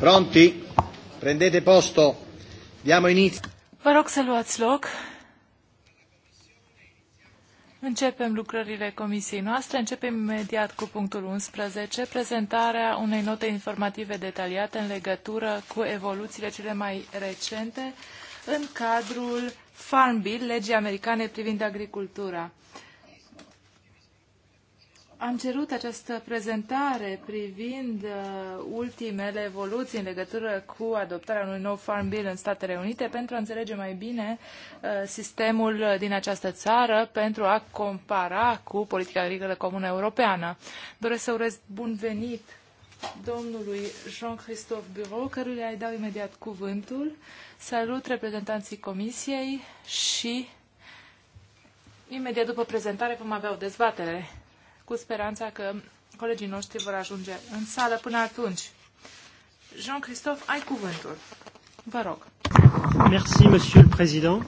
Pronti? Prendete posto. Diamo inizio. Vă rog să luați loc. Începem lucrările comisiei noastre. Începem imediat cu punctul 11, prezentarea unei note informative detaliate în legătură cu evoluțiile cele mai recente în cadrul Farm Bill, legii americane privind agricultura. Am cerut această prezentare privind uh, ultimele evoluții în legătură cu adoptarea unui nou Farm Bill în Statele Unite pentru a înțelege mai bine uh, sistemul din această țară pentru a compara cu politica agricolă comună europeană. Doresc să urez bun venit domnului Jean-Christophe Bureau, căruia îi dau imediat cuvântul. Salut reprezentanții comisiei și imediat după prezentare vom avea o dezbatere cu speranța că colegii noștri vor ajunge în sală până atunci. Jean-Christophe, ai cuvântul. Vă rog. Merci, Monsieur le Président.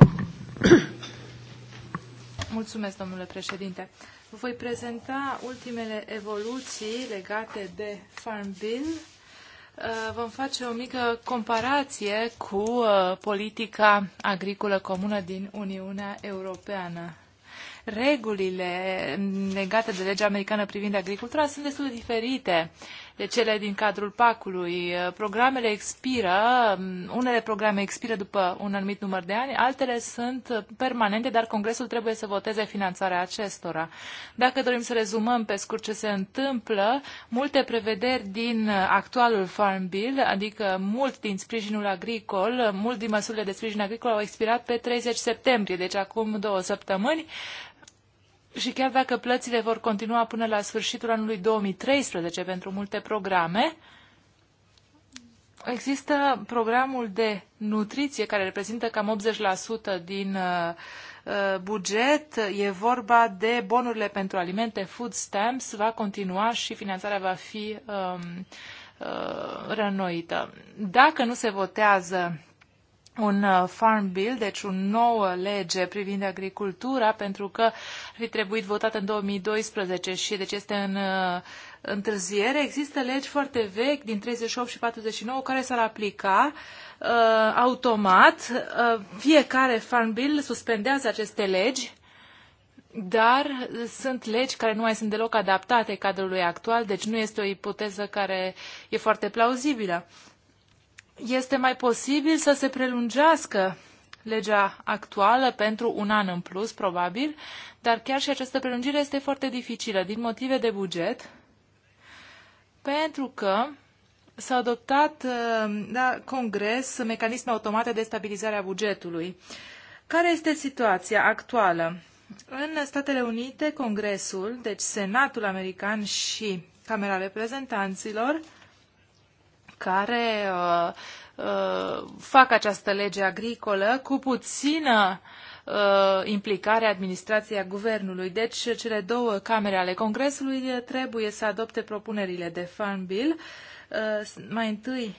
Mulțumesc, domnule președinte. Vă voi prezenta ultimele evoluții legate de Farm Bill. Uh, vom face o mică comparație cu uh, politica agricolă comună din Uniunea Europeană regulile legate de legea americană privind agricultura sunt destul de diferite de cele din cadrul PAC-ului. Programele expiră, unele programe expiră după un anumit număr de ani, altele sunt permanente, dar Congresul trebuie să voteze finanțarea acestora. Dacă dorim să rezumăm pe scurt ce se întâmplă, multe prevederi din actualul Farm Bill, adică mult din sprijinul agricol, mult din măsurile de sprijin agricol au expirat pe 30 septembrie, deci acum două săptămâni și chiar dacă plățile vor continua până la sfârșitul anului 2013 pentru multe programe, există programul de nutriție care reprezintă cam 80% din uh, uh, buget. E vorba de bonurile pentru alimente, food stamps, va continua și finanțarea va fi um, uh, rănoită. Dacă nu se votează un uh, Farm Bill, deci o nouă lege privind agricultura, pentru că ar fi trebuit votată în 2012 și deci este în uh, întârziere. Există legi foarte vechi din 38 și 49 care s-ar aplica uh, automat. Uh, fiecare Farm Bill suspendează aceste legi dar sunt legi care nu mai sunt deloc adaptate cadrului actual, deci nu este o ipoteză care e foarte plauzibilă este mai posibil să se prelungească legea actuală pentru un an în plus, probabil, dar chiar și această prelungire este foarte dificilă din motive de buget, pentru că s-a adoptat uh, la Congres mecanisme automate de stabilizare a bugetului. Care este situația actuală? În Statele Unite, Congresul, deci Senatul American și Camera Reprezentanților, care uh, uh, fac această lege agricolă cu puțină uh, implicare a administrației a guvernului. Deci cele două camere ale Congresului trebuie să adopte propunerile de Farm Bill. Uh, mai întâi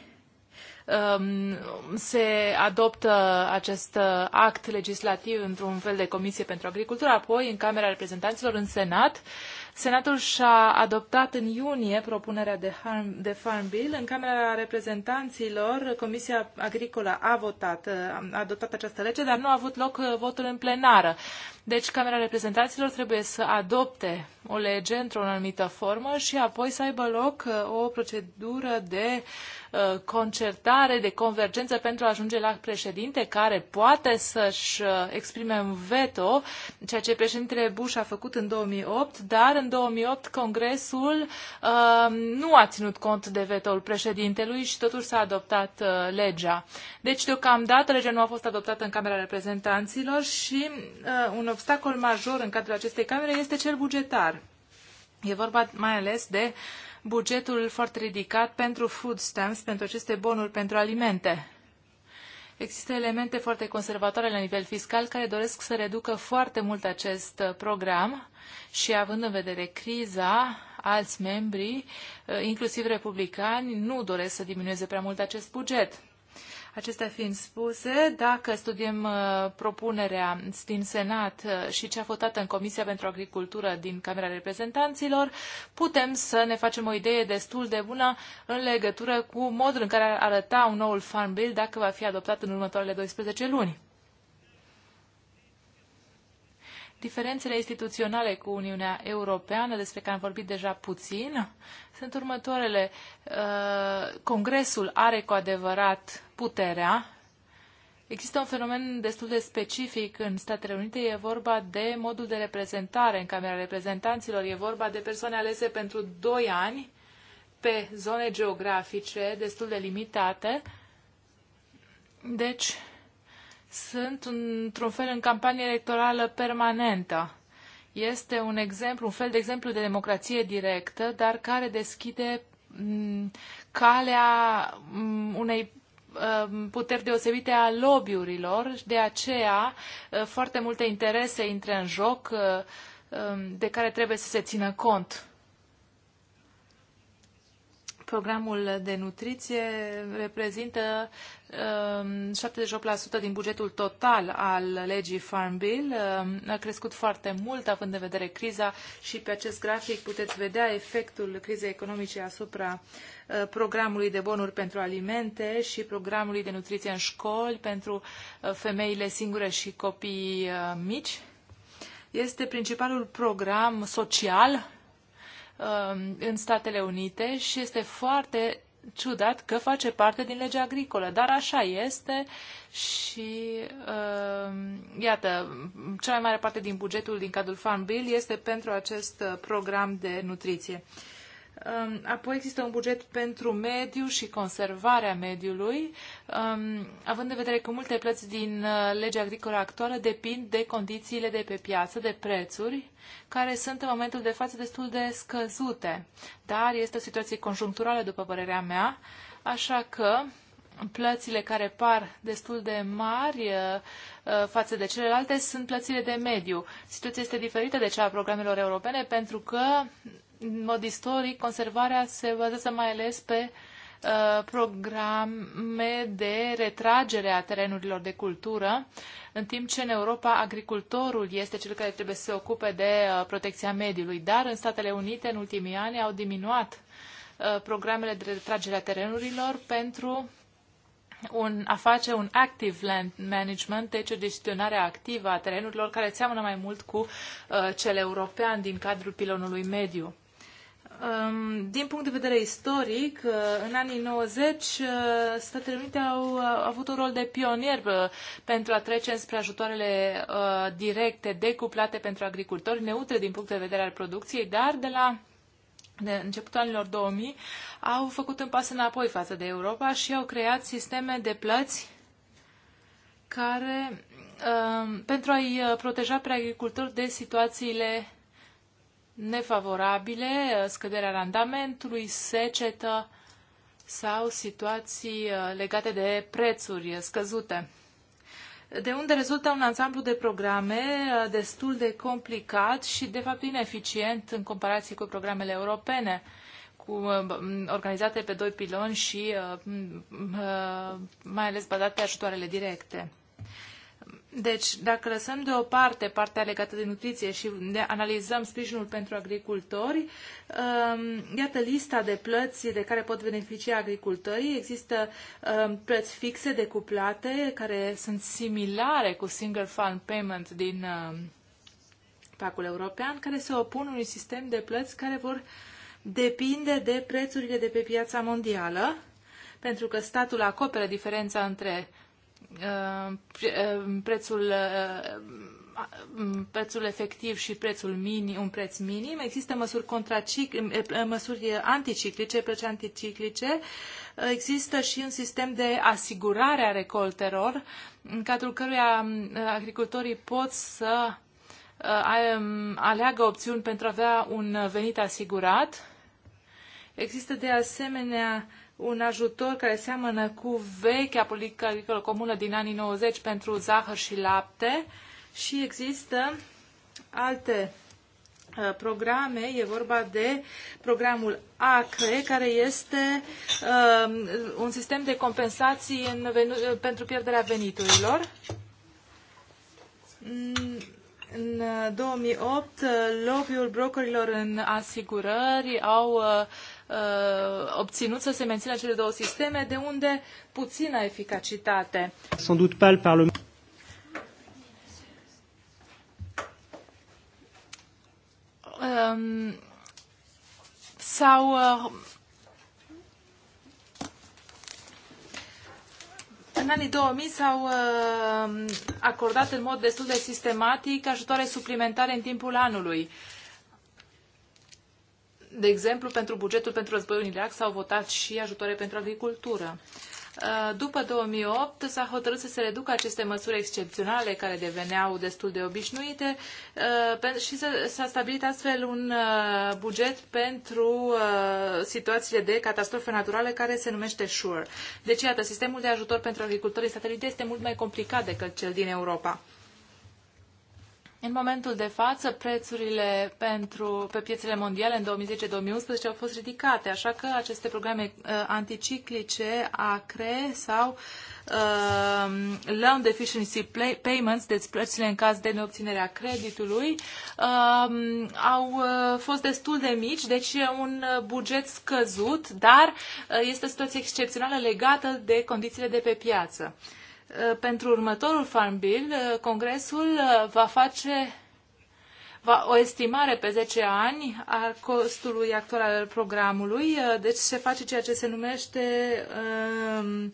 um, se adoptă acest act legislativ într-un fel de comisie pentru agricultură, apoi în Camera Reprezentanților, în Senat, Senatul și-a adoptat în iunie propunerea de, Farm, de Farm Bill. În Camera Reprezentanților, Comisia Agricolă a votat, a adoptat această lege, dar nu a avut loc uh, votul în plenară. Deci Camera Reprezentanților trebuie să adopte o lege într-o anumită formă și apoi să aibă loc uh, o procedură de uh, Uh, concertare, de convergență pentru a ajunge la președinte care poate să-și uh, exprime un veto, ceea ce președintele Bush a făcut în 2008, dar în 2008 Congresul uh, nu a ținut cont de vetoul președintelui și totuși s-a adoptat uh, legea. Deci, deocamdată, legea nu a fost adoptată în Camera Reprezentanților și uh, un obstacol major în cadrul acestei camere este cel bugetar. E vorba mai ales de uh, bugetul foarte ridicat pentru food stamps, pentru aceste bonuri pentru alimente. Există elemente foarte conservatoare la nivel fiscal care doresc să reducă foarte mult acest uh, program și având în vedere criza, alți membri, uh, inclusiv republicani, nu doresc să diminueze prea mult acest buget. Acestea fiind spuse, dacă studiem uh, propunerea din Senat uh, și cea votată în Comisia pentru Agricultură din Camera Reprezentanților, putem să ne facem o idee destul de bună în legătură cu modul în care ar arăta un noul Farm Bill dacă va fi adoptat în următoarele 12 luni. Diferențele instituționale cu Uniunea Europeană, despre care am vorbit deja puțin, sunt următoarele. Uh, Congresul are cu adevărat puterea. Există un fenomen destul de specific în Statele Unite, e vorba de modul de reprezentare în Camera Reprezentanților, e vorba de persoane alese pentru 2 ani pe zone geografice destul de limitate. Deci, sunt într-un fel în campanie electorală permanentă. Este un exemplu, un fel de exemplu de democrație directă, dar care deschide mm, calea mm, unei mm, puteri deosebite a lobbyurilor, de aceea foarte multe interese intră în joc de care trebuie să se țină cont. Programul de nutriție reprezintă 78% um, din bugetul total al legii Farm Bill. Um, a crescut foarte mult, având în vedere criza și pe acest grafic puteți vedea efectul crizei economice asupra uh, programului de bonuri pentru alimente și programului de nutriție în școli pentru uh, femeile singure și copii uh, mici. Este principalul program social Um, în Statele Unite și este foarte ciudat că face parte din legea agricolă, dar așa este și uh, iată, cea mai mare parte din bugetul din cadrul Farm Bill este pentru acest uh, program de nutriție. Uh, Um, apoi există un buget pentru mediu și conservarea mediului, um, având în vedere că multe plăți din uh, legea agricolă actuală depind de condițiile de pe piață, de prețuri, care sunt în momentul de față destul de scăzute. Dar este o situație conjuncturală, după părerea mea, așa că plățile care par destul de mari uh, uh, față de celelalte sunt plățile de mediu. Situația este diferită de cea a programelor europene pentru că în mod istoric, conservarea se bazează mai ales pe uh, programe de retragere a terenurilor de cultură, în timp ce în Europa agricultorul este cel care trebuie să se ocupe de uh, protecția mediului. Dar în Statele Unite, în ultimii ani, au diminuat uh, programele de retragere a terenurilor pentru un, a face un active land management, deci o gestionare activă a terenurilor care seamănă mai mult cu cel european din cadrul pilonului mediu din punct de vedere istoric, uh, în anii 90, uh, Statele Unite uh, au avut un rol de pionier pentru a trece înspre ajutoarele directe, decuplate pentru agricultori, neutre din punct de vedere al producției, dar de la de începutul anilor 2000 au făcut un pas înapoi față de Europa și au creat sisteme de plăți care, pentru a-i proteja pe agricultori de situațiile nefavorabile, scăderea randamentului, secetă sau situații uh, legate de prețuri scăzute. De unde rezultă un ansamblu de programe uh, destul de complicat și, de fapt, ineficient în comparație cu programele europene, cu, uh, organizate pe doi piloni și mai ales bazate ajutoarele directe. Deci, dacă lăsăm deoparte partea legată de nutriție și ne analizăm sprijinul pentru agricultori, um, iată lista de plăți de care pot beneficia agricultorii. Există um, plăți fixe decuplate care sunt similare cu Single Fund Payment din um, pacul european, care se opun unui sistem de plăți care vor depinde de prețurile de pe piața mondială, pentru că statul acoperă diferența între Uh, uh, prețul uh, um, prețul efectiv și prețul minim, un preț minim. Există măsuri, măsuri anticiclice, plăci anticiclice. Există și un sistem de asigurare a recoltelor, în cadrul căruia um, agricultorii pot să um, aleagă opțiuni pentru a avea un venit asigurat. Există de asemenea un ajutor care seamănă cu vechea politică agricolă comună din anii 90 pentru zahăr și lapte și există alte uh, programe, e vorba de programul ACRE, care este uh, un sistem de compensații în venu- uh, pentru pierderea veniturilor. Mm. În 2008, uh, lobby-ul brokerilor în asigurări au Uh, obținut să se mențină cele două sisteme, de unde puțină eficacitate. Sans doute pas le Parlement. Um, sau uh, în anii 2000 s-au uh, acordat în mod destul de sistematic ajutoare suplimentare în timpul anului. De exemplu, pentru bugetul pentru războiul în Irak s-au votat și ajutoare pentru agricultură. Uh, după 2008 s-a hotărât să se reducă aceste măsuri excepționale care deveneau destul de obișnuite uh, și s-a stabilit astfel un uh, buget pentru situațiile de catastrofe naturale care se numește SURE. Deci, iată, sistemul de ajutor pentru agricultorii satelite este mult mai complicat decât cel din Europa. În momentul de față, prețurile pentru, pe piețele mondiale în 2010-2011 au fost ridicate, așa că aceste programe uh, anticiclice, ACRE sau uh, Loan Deficiency Payments, deci plățile în caz de neobținerea creditului, uh, au uh, fost destul de mici, deci un uh, buget scăzut, dar uh, este o situație excepțională legată de condițiile de pe piață. Uh, Eh, pentru următorul Farm Bill, eh, Congresul eh, va face va, o estimare pe 10 ani a costului actual al programului, deci se face ceea ce se numește um,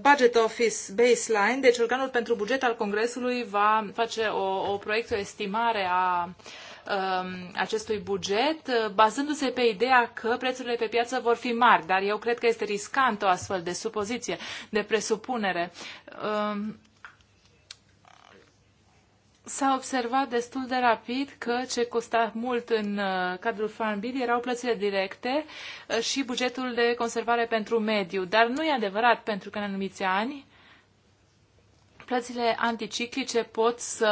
Budget Office Baseline, deci organul pentru buget al Congresului va face o, o proiect, o estimare a uh, Um, acestui buget, uh, bazându-se pe ideea că prețurile pe piață vor fi mari, dar eu cred că este riscant o astfel de supoziție, de presupunere. Um, s-a observat destul de rapid că ce costa mult în uh, cadrul Farm Bill erau plățile directe uh, și bugetul de conservare pentru mediu. Dar nu e adevărat, pentru că în anumiți ani plățile anticiclice pot să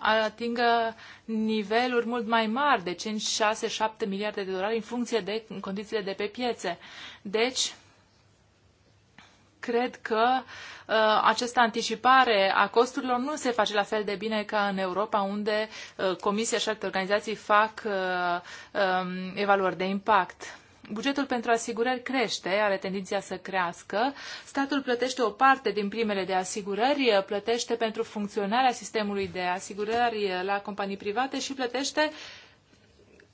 atingă niveluri mult mai mari, de 5, 6, 7 miliarde de dolari, în funcție de condițiile de pe piețe. Deci, cred că uh, această anticipare a costurilor nu se face la fel de bine ca în Europa, unde uh, Comisia și alte organizații fac uh, um, evaluări de impact. Bugetul pentru asigurări crește, are tendința să crească. Statul plătește o parte din primele de asigurări, plătește pentru funcționarea sistemului de asigurări la companii private și plătește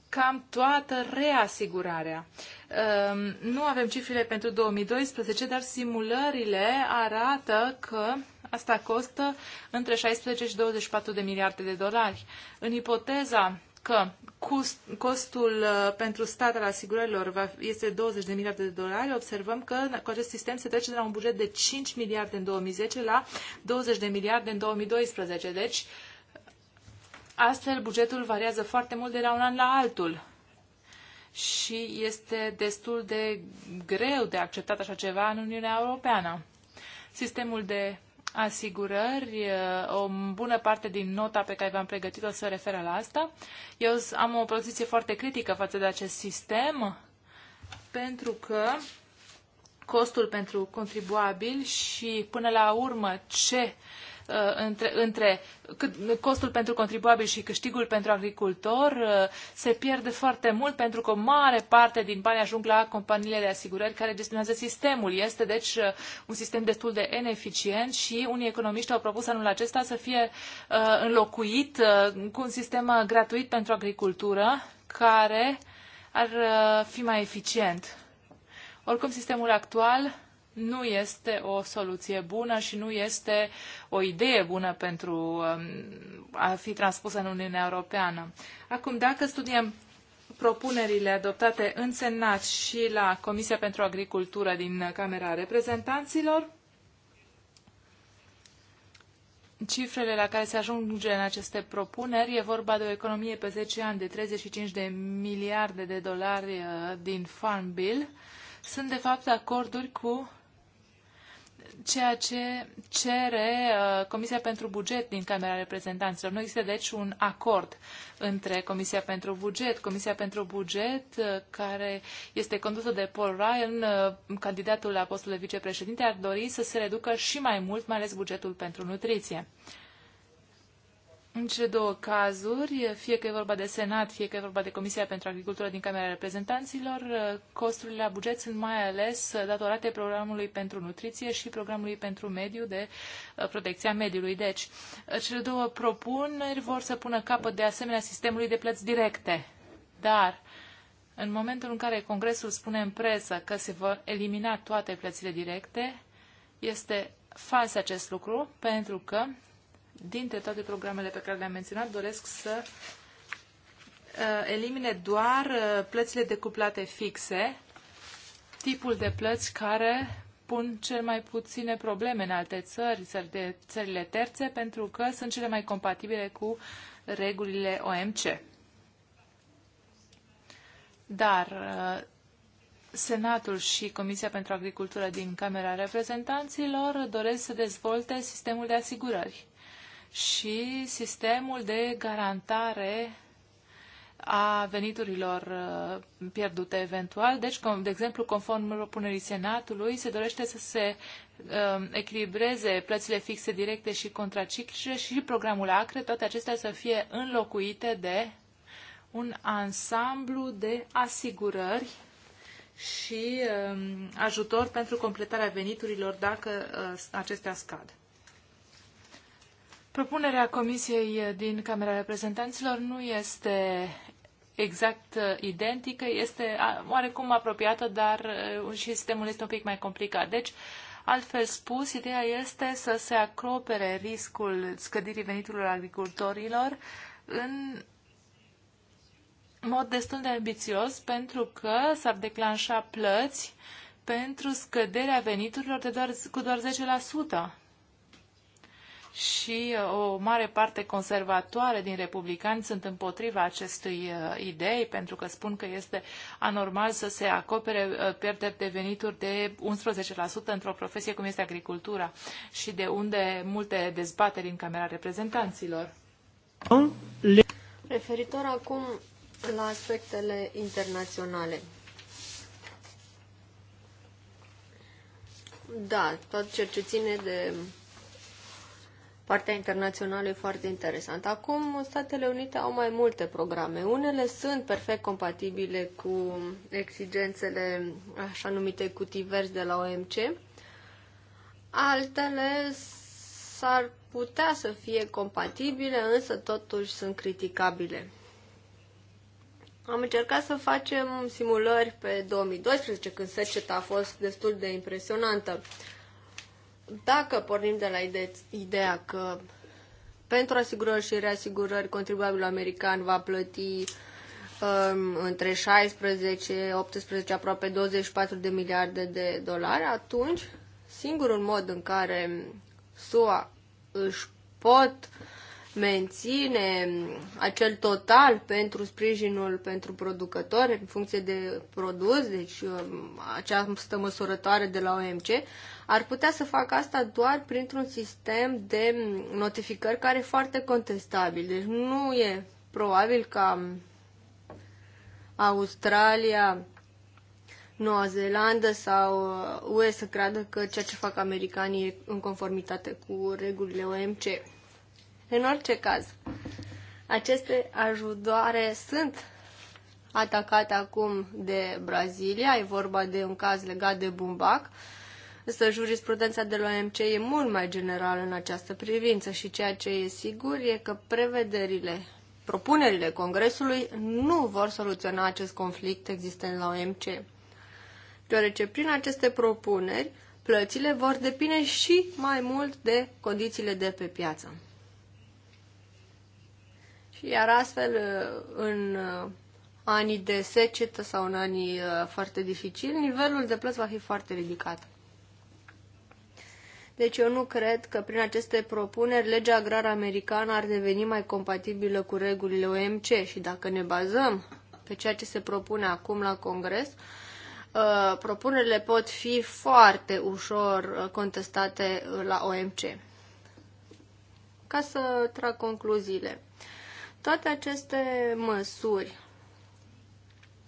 cam toată reasigurarea. Ehm, nu avem cifrele pentru 2012, dar simulările arată că asta costă între 16 și 24 de miliarde de dolari. În ipoteza că costul uh, pentru stat al asigurărilor este 20 de miliarde de dolari, observăm că cu acest sistem se trece de la un buget de 5 miliarde în 2010 la 20 de miliarde în 2012. Deci, astfel, bugetul variază foarte mult de la un an la altul și este destul de greu de acceptat așa ceva în Uniunea Europeană. Sistemul de asigurări. Uh, o bună parte din nota pe care v-am pregătit-o se referă la asta. Eu am o poziție foarte critică față de acest sistem pentru că costul pentru contribuabil și până la urmă ce uh, Uh, între, între costul pentru contribuabil și câștigul pentru agricultor uh, se pierde foarte mult pentru că o mare parte din bani ajung la companiile de asigurări care gestionează sistemul. Este deci uh, un sistem destul de ineficient și unii economiști au propus anul acesta să fie înlocuit cu un sistem gratuit pentru agricultură care ar fi mai eficient. Oricum, sistemul actual nu este o soluție bună și nu este o idee bună pentru um, a fi transpusă în Uniunea Europeană. Acum, dacă studiem propunerile adoptate în Senat și la Comisia pentru Agricultură din Camera Reprezentanților, cifrele la care se ajunge în aceste propuneri, e vorba de o economie pe 10 ani de 35 de miliarde de dolari uh, din Farm Bill, sunt de fapt acorduri cu ceea ce cere uh, Comisia pentru Buget din Camera Reprezentanților. Nu există, deci, un acord între Comisia pentru Buget, Comisia pentru Buget, uh, care este condusă de Paul Ryan, uh, candidatul la postul de vicepreședinte, ar dori să se reducă și mai mult, mai ales bugetul pentru nutriție. În cele două cazuri, fie că e vorba de Senat, fie că e vorba de Comisia pentru Agricultură din Camera Reprezentanților, costurile la buget sunt mai ales datorate programului pentru nutriție și programului pentru mediu de uh, protecția mediului. Deci, cele două propuneri vor să pună capăt de asemenea sistemului de plăți directe. Dar, în momentul în care Congresul spune în presă că se vor elimina toate plățile directe, este fals acest lucru, pentru că dintre toate programele pe care le-am menționat, doresc să uh, elimine doar uh, plățile decuplate fixe, tipul de plăți care pun cel mai puține probleme în alte țări, țări de țările terțe, pentru că sunt cele mai compatibile cu regulile OMC. Dar uh, Senatul și Comisia pentru Agricultură din Camera Reprezentanților doresc să dezvolte sistemul de asigurări și sistemul de garantare a veniturilor uh, pierdute eventual. Deci, de exemplu, conform propunerii Senatului, se dorește să se um, echilibreze plățile fixe directe și contraciclice și programul ACRE, toate acestea să fie înlocuite de un ansamblu de asigurări și um, ajutor pentru completarea veniturilor dacă uh, acestea scad. Propunerea Comisiei din Camera Reprezentanților nu este exact uh, identică, este oarecum apropiată, dar uh, și sistemul este un pic mai complicat. Deci, altfel spus, ideea este să se acropere riscul scăderii veniturilor agricultorilor în mod destul de ambițios, pentru că s-ar declanșa plăți pentru scăderea veniturilor de doar, cu doar 10% și uh, o mare parte conservatoare din republicani sunt împotriva acestui uh, idei pentru că spun că este anormal să se acopere uh, pierderi de venituri de 11% într-o profesie cum este agricultura și de unde multe dezbateri în Camera Reprezentanților. Referitor acum la aspectele internaționale. Da, tot ceea ce ține de partea internațională e foarte interesantă. Acum, Statele Unite au mai multe programe. Unele sunt perfect compatibile cu exigențele așa numite cutii verzi de la OMC, altele s-ar putea să fie compatibile, însă totuși sunt criticabile. Am încercat să facem simulări pe 2012, când seceta a fost destul de impresionantă. Dacă pornim de la ide- ideea că pentru asigurări și reasigurări contribuabilul american va plăti um, între 16, 18, aproape 24 de miliarde de dolari, atunci singurul mod în care SUA își pot menține acel total pentru sprijinul pentru producători în funcție de produs, deci um, această măsurătoare de la OMC, ar putea să facă asta doar printr-un sistem de notificări care e foarte contestabil. Deci nu e probabil ca Australia, Noua Zeelandă sau UE uh, să creadă că ceea ce fac americanii e în conformitate cu regulile OMC. În orice caz, aceste ajutoare sunt atacate acum de Brazilia, e vorba de un caz legat de bumbac, Însă jurisprudența de la OMC e mult mai generală în această privință și ceea ce e sigur e că prevederile, propunerile Congresului nu vor soluționa acest conflict existent la OMC. Deoarece prin aceste propuneri, plățile vor depinde și mai mult de condițiile de pe piață. Iar astfel, în anii de secetă sau în anii uh, foarte dificili, nivelul de plăți va fi foarte ridicat. Deci eu nu cred că prin aceste propuneri legea agrară americană ar deveni mai compatibilă cu regulile OMC și dacă ne bazăm pe ceea ce se propune acum la Congres, uh, propunerile pot fi foarte ușor uh, contestate uh, la OMC. Ca să trag concluziile, toate aceste măsuri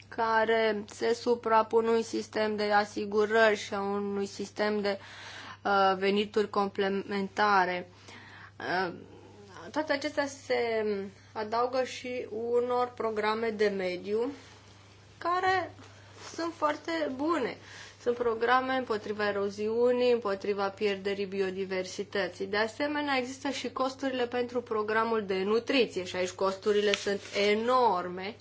care se suprapun unui sistem de asigurări și a unui sistem de uh, Uh, venituri complementare. Uh, toate acestea se adaugă și unor programe de mediu care sunt foarte bune. Sunt programe împotriva eroziunii, împotriva pierderii biodiversității. De asemenea, există și costurile pentru programul de nutriție și aici costurile sunt enorme.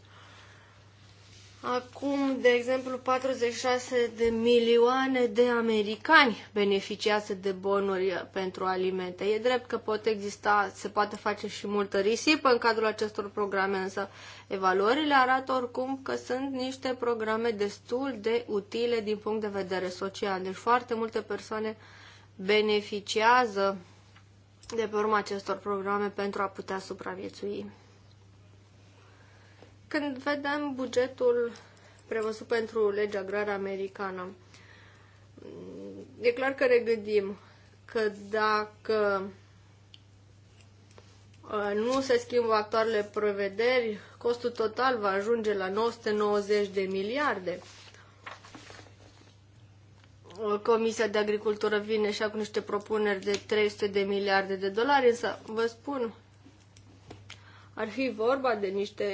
Acum, de exemplu, 46 de milioane de americani beneficiază de bonuri pentru alimente. E drept că pot exista, se poate face și multă risipă în cadrul acestor programe, însă evaluările arată oricum că sunt niște programe destul de utile din punct de vedere social. Deci foarte multe persoane beneficiază de pe urma acestor programe pentru a putea supraviețui. Când vedem bugetul prevăzut pentru legea agrară americană, e clar că ne că dacă uh, nu se schimbă actualele prevederi, costul total va ajunge la 990 de miliarde. Uh, Comisia de Agricultură vine și acum niște propuneri de 300 de miliarde de dolari, însă vă spun ar fi vorba de niște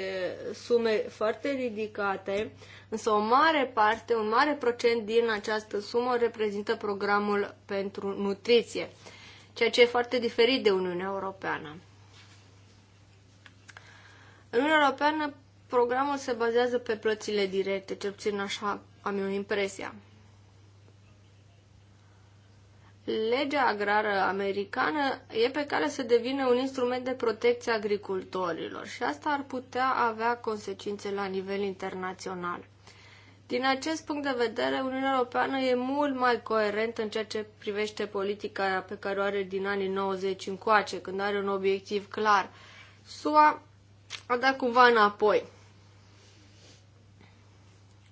sume foarte ridicate, însă o mare parte, un mare procent din această sumă reprezintă programul pentru nutriție, ceea ce e foarte diferit de Uniunea Europeană. În Uniunea Europeană, programul se bazează pe plățile directe, cel puțin așa am eu impresia legea agrară americană e pe care să devină un instrument de protecție agricultorilor și asta ar putea avea consecințe la nivel internațional. Din acest punct de vedere, Uniunea Europeană e mult mai coerentă în ceea ce privește politica pe care o are din anii 90 încoace, când are un obiectiv clar. SUA a dat cumva înapoi.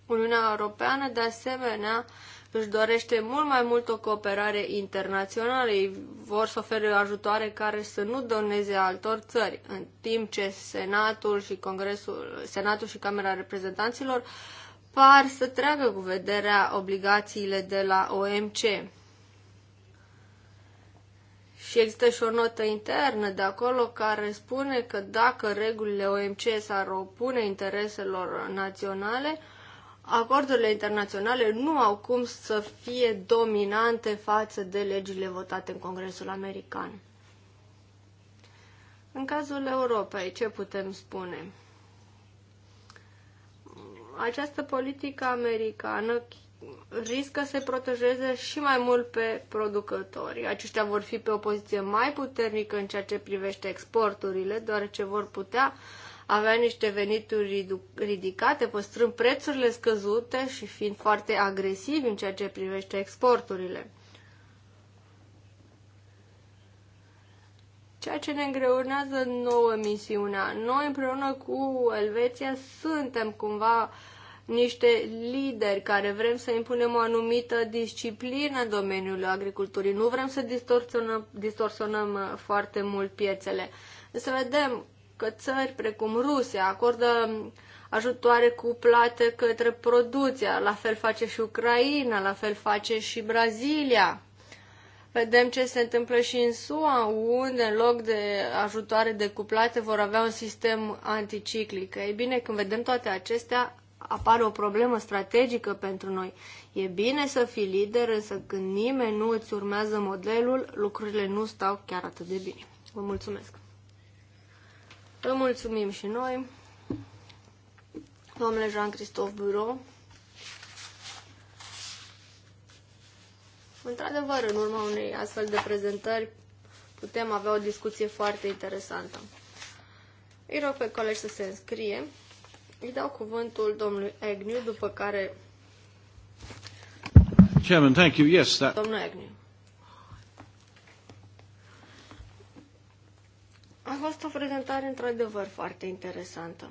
Uniunea Europeană, de asemenea, își dorește mult mai mult o cooperare internațională. Ei vor să ofere ajutoare care să nu doneze altor țări, în timp ce Senatul și Congresul, Senatul și Camera Reprezentanților par să treacă cu vederea obligațiile de la OMC. Și există și o notă internă de acolo care spune că dacă regulile OMC s-ar opune intereselor naționale, acordurile internaționale nu au cum să fie dominante față de legile votate în Congresul American. În cazul Europei, ce putem spune? Această politică americană riscă să protejeze și mai mult pe producători. Aceștia vor fi pe o poziție mai puternică în ceea ce privește exporturile, deoarece vor putea uh, avea niște venituri ridicate, păstrând prețurile scăzute și fiind foarte agresivi în ceea ce privește exporturile. ceea ce ne îngreunează nouă misiunea. Noi împreună cu Elveția suntem cumva niște lideri care vrem să impunem o anumită disciplină în domeniul agriculturii. Nu vrem să distorsionăm, distorsionăm uh, foarte mult piețele. Să vedem că țări precum Rusia acordă ajutoare cuplate către producția, la fel face și Ucraina, la fel face și Brazilia. Vedem ce se întâmplă și în SUA, unde în loc de ajutoare decuplate vor avea un sistem anticiclic. Ei bine, când vedem toate acestea, apare o problemă strategică pentru noi. E bine să fii lider, însă când nimeni nu îți urmează modelul, lucrurile nu stau chiar atât de bine. Vă mulțumesc! Vă mulțumim și noi. Domnule Jean-Christophe Bureau. Într-adevăr, în urma unei astfel de prezentări, putem avea o discuție foarte interesantă. Îi rog pe colegi să se înscrie. Îi dau cuvântul domnului Agnew, după care... Chairman, thank you. Yes, that... Domnul Agnew. A fost o prezentare într-adevăr foarte interesantă.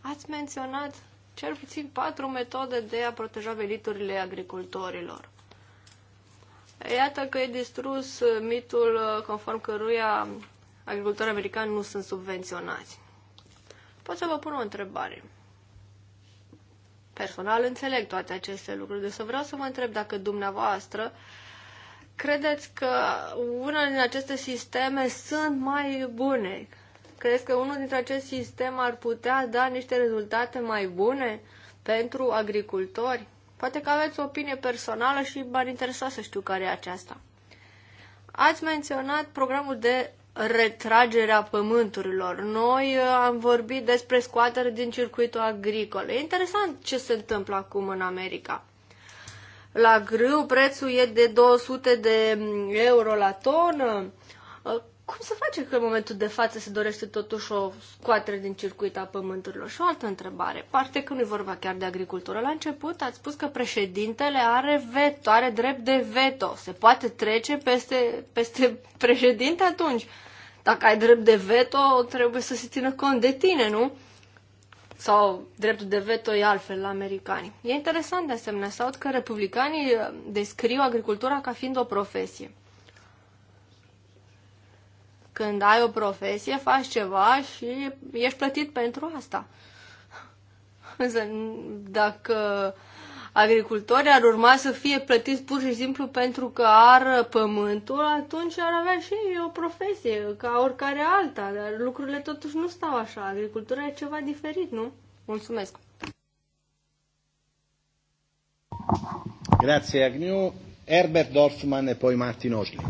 Ați menționat cel puțin patru metode de a proteja veniturile agricultorilor. Iată că e distrus mitul conform căruia agricultorii americani nu sunt subvenționați. Pot să vă pun o întrebare. Personal înțeleg toate aceste lucruri, deci vreau să vă întreb dacă dumneavoastră uh, credeți că una din aceste sisteme sunt mai bune? Credeți că unul dintre acest sistem ar putea da niște rezultate mai bune pentru agricultori? Poate că aveți o opinie personală și m-ar interesa să știu care e aceasta. Ați menționat programul de retragere a pământurilor. Noi uh, am vorbit despre scoatere din circuitul agricol. E interesant ce se întâmplă acum în America la grâu prețul e de 200 de euro la tonă. Uh, cum se face că în momentul de față se dorește totuși o scoatere din circuit a pământurilor? Și o altă întrebare. Parte că nu i vorba chiar de agricultură. La început ați spus că președintele are veto, are drept de veto. Se poate trece peste, peste președinte atunci. Dacă ai drept de veto, trebuie să se țină cont de tine, nu? sau dreptul de veto e altfel la americani. E interesant de asemenea să aud că republicanii uh, descriu agricultura ca fiind o profesie. Când ai o profesie, faci ceva și ești plătit pentru asta. Însă dacă uh, agricultori ar urma să fie plătiți pur și simplu pentru că ar pământul, atunci ar avea și o profesie, ca oricare alta, dar lucrurile totuși nu stau așa. Agricultura e ceva diferit, nu? Mulțumesc! Grazie Agniu. Herbert Dorfman e poi Martin Osling.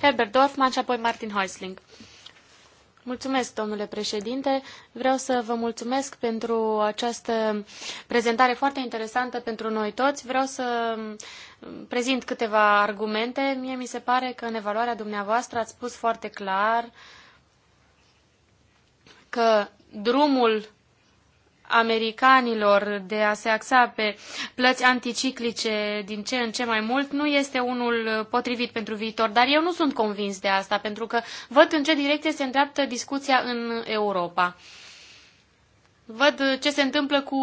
Herbert Dorfman și apoi Martin Heusling. Mulțumesc, domnule președinte. Vreau să vă mulțumesc pentru această prezentare foarte interesantă pentru noi toți. Vreau să prezint câteva argumente. Mie mi se pare că în evaluarea dumneavoastră ați spus foarte clar că drumul americanilor de a se axa pe plăți anticiclice din ce în ce mai mult nu este unul potrivit pentru viitor, dar eu nu sunt convins de asta, pentru că văd în ce direcție se îndreaptă discuția în Europa. Văd ce se întâmplă cu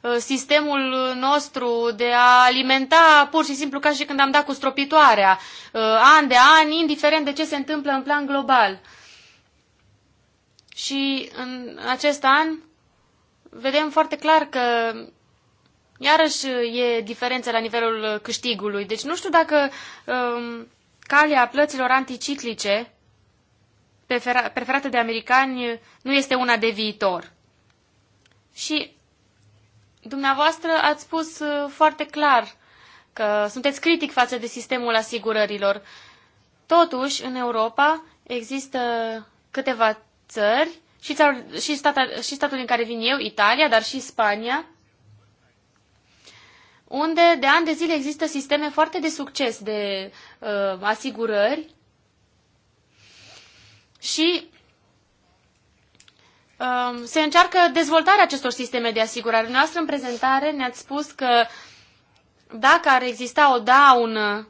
uh, sistemul nostru de a alimenta pur și simplu ca și când am dat cu stropitoarea, uh, an de an, indiferent de ce se întâmplă în plan global. Și în acest an vedem foarte clar că iarăși e diferență la nivelul câștigului. Deci nu știu dacă um, calea plăților anticiclice prefera, preferată de americani nu este una de viitor. Și dumneavoastră ați spus uh, foarte clar că sunteți critic față de sistemul asigurărilor. Totuși, în Europa există câteva țări și, țar, și, stata, și statul din care vin eu, Italia, dar și Spania, unde de ani de zile există sisteme foarte de succes de uh, asigurări și uh, se încearcă dezvoltarea acestor sisteme de asigurare. Noastră în prezentare ne-ați spus că dacă ar exista o daună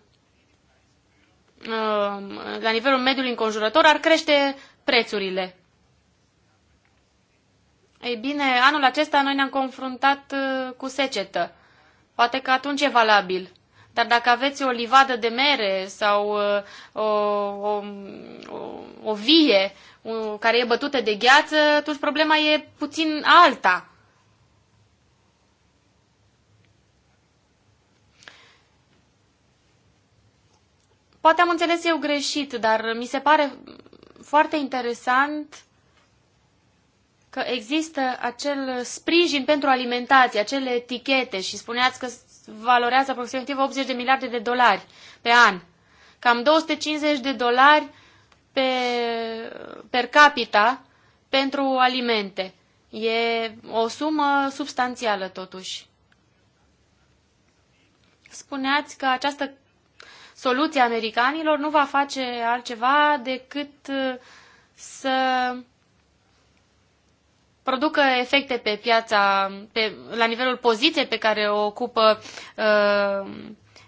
um, la nivelul mediului înconjurător, ar crește prețurile. Ei bine, anul acesta noi ne-am confruntat uh, cu secetă. Poate că atunci e valabil. Dar dacă aveți o livadă de mere sau o, uh, o, o, o vie uh, care e bătută de gheață, atunci problema e puțin alta. Poate am înțeles eu greșit, dar mi se pare foarte interesant că există acel sprijin pentru alimentație, acele etichete și spuneați că valorează aproximativ 80 de miliarde de dolari pe an. Cam 250 de dolari pe, per capita pentru alimente. E o sumă substanțială totuși. Spuneați că această soluție americanilor nu va face altceva decât uh, să producă efecte pe piața, pe, la nivelul poziției pe care o ocupă uh,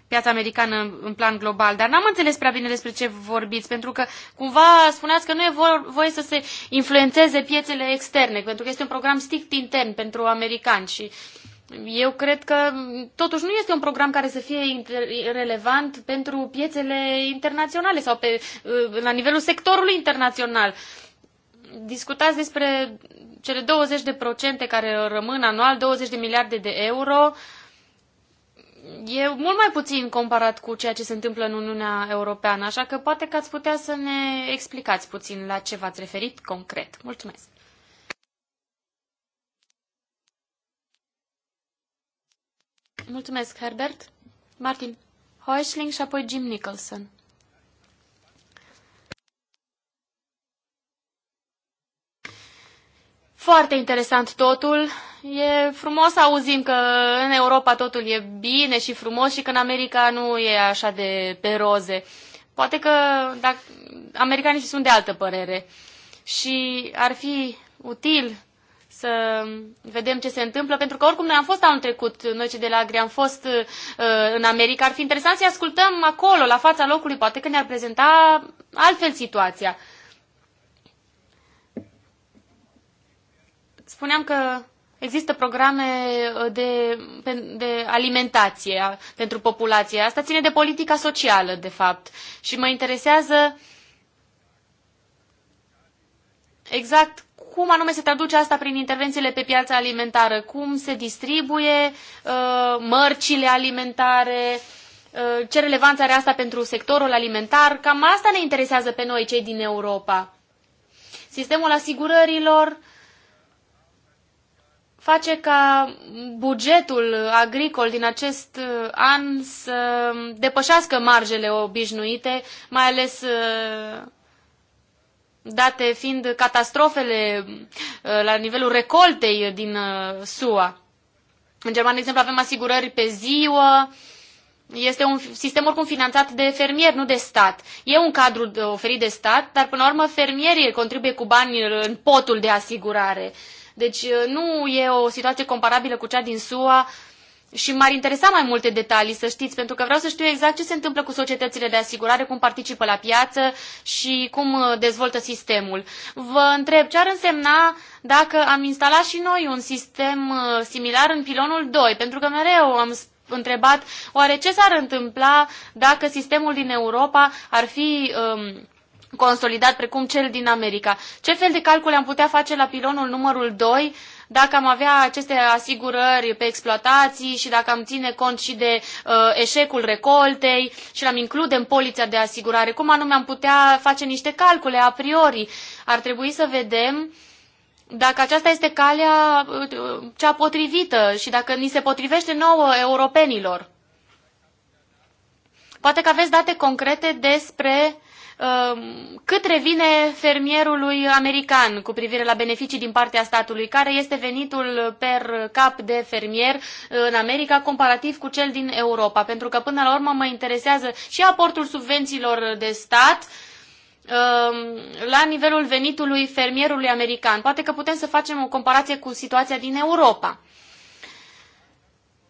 piața americană în, în plan global. Dar n-am înțeles prea bine despre ce vorbiți, pentru că cumva spuneați că nu e vo- voie să se influențeze piețele externe, pentru că este un program strict intern pentru americani și eu cred că totuși nu este un program care să fie relevant pentru piețele internaționale sau pe, uh, la nivelul sectorului internațional discutați despre cele 20 de procente care rămân anual, 20 de miliarde de euro. E mult mai puțin comparat cu ceea ce se întâmplă în Uniunea Europeană, așa că poate că ați putea să ne explicați puțin la ce v-ați referit concret. Mulțumesc! Mulțumesc, Herbert. Martin Heuschling și apoi Jim Nicholson. Foarte interesant totul. E frumos să auzim că în Europa totul e bine și frumos și că în America nu e așa de pe roze. Poate că dacă, americanii sunt de altă părere și ar fi util să vedem ce se întâmplă, pentru că oricum noi am fost anul trecut, noi cei de la Agri am fost uh, în America, ar fi interesant să-i ascultăm acolo, la fața locului, poate că ne-ar prezenta altfel situația. Spuneam că există programe uh, de, de alimentație pentru populație. Asta ține de politica socială, de fapt. Și mă interesează exact cum anume se traduce asta prin intervențiile pe piața alimentară, cum se distribuie uh, mărcile alimentare, uh, ce relevanță are asta pentru sectorul alimentar. Cam asta ne interesează pe noi, cei din Europa. Sistemul asigurărilor, uh, face ca bugetul agricol din acest uh, an să depășească marjele obișnuite, mai ales uh, date fiind catastrofele uh, la nivelul recoltei din SUA. În Germania, de exemplu, avem asigurări pe ziua, este un sistem oricum finanțat de fermier, nu de stat. E un cadru oferit de stat, dar până la urmă fermierii contribuie cu bani în potul de asigurare. Uh, deci uh, nu e o situație comparabilă cu cea din SUA și m-ar interesa mai multe detalii, să știți, pentru că vreau să știu exact ce se întâmplă cu societățile de asigurare, cum participă la piață și cum uh, dezvoltă sistemul. Vă întreb ce ar însemna dacă am instalat și noi un sistem uh, similar în pilonul 2, pentru că mereu am întrebat oare ce s-ar întâmpla dacă sistemul din Europa ar fi um, consolidat precum cel din America. Ce fel de calcule am putea face la pilonul numărul 2 dacă am avea aceste asigurări pe exploatații și dacă am ține cont și de uh, eșecul recoltei și l-am include în polița de asigurare? Cum anume am putea face niște calcule a priori? Ar trebui să vedem dacă aceasta este calea uh, cea potrivită și dacă ni se potrivește nouă europenilor. Poate că aveți date concrete despre Um, cât revine fermierului american cu privire la beneficii din partea statului, care este venitul per cap de fermier în America comparativ cu cel din Europa, pentru că până la urmă mă interesează și aportul subvențiilor de stat um, la nivelul venitului fermierului american. Poate că putem să facem o comparație cu situația din Europa.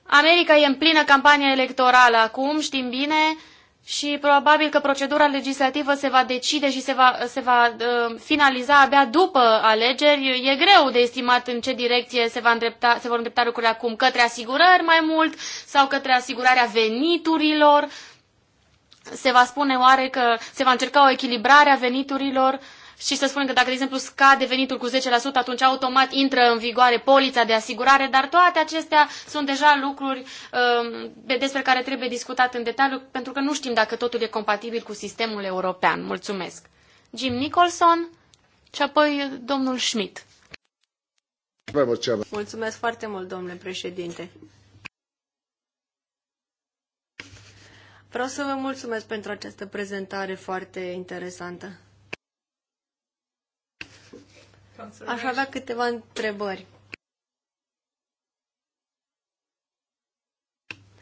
America e în plină campanie electorală acum, știm bine, și probabil că procedura legislativă se va decide și se va, se va uh, finaliza abia după alegeri. E greu de estimat în ce direcție se, va îndrepta, se vor îndrepta lucrurile acum, către asigurări mai mult sau către asigurarea veniturilor. Se va spune oare că se va încerca o echilibrare a veniturilor uh, și să spunem că dacă, de exemplu, scade venitul cu 10%, atunci automat intră în vigoare polița de asigurare, dar toate acestea sunt deja lucruri uh, despre care trebuie discutat în detaliu, pentru că nu știm dacă totul e compatibil cu sistemul european. Mulțumesc! Jim Nicholson și apoi domnul Schmidt. Mulțumesc foarte mult, domnule președinte. Vreau să vă mulțumesc pentru această prezentare foarte interesantă. Aș avea câteva întrebări.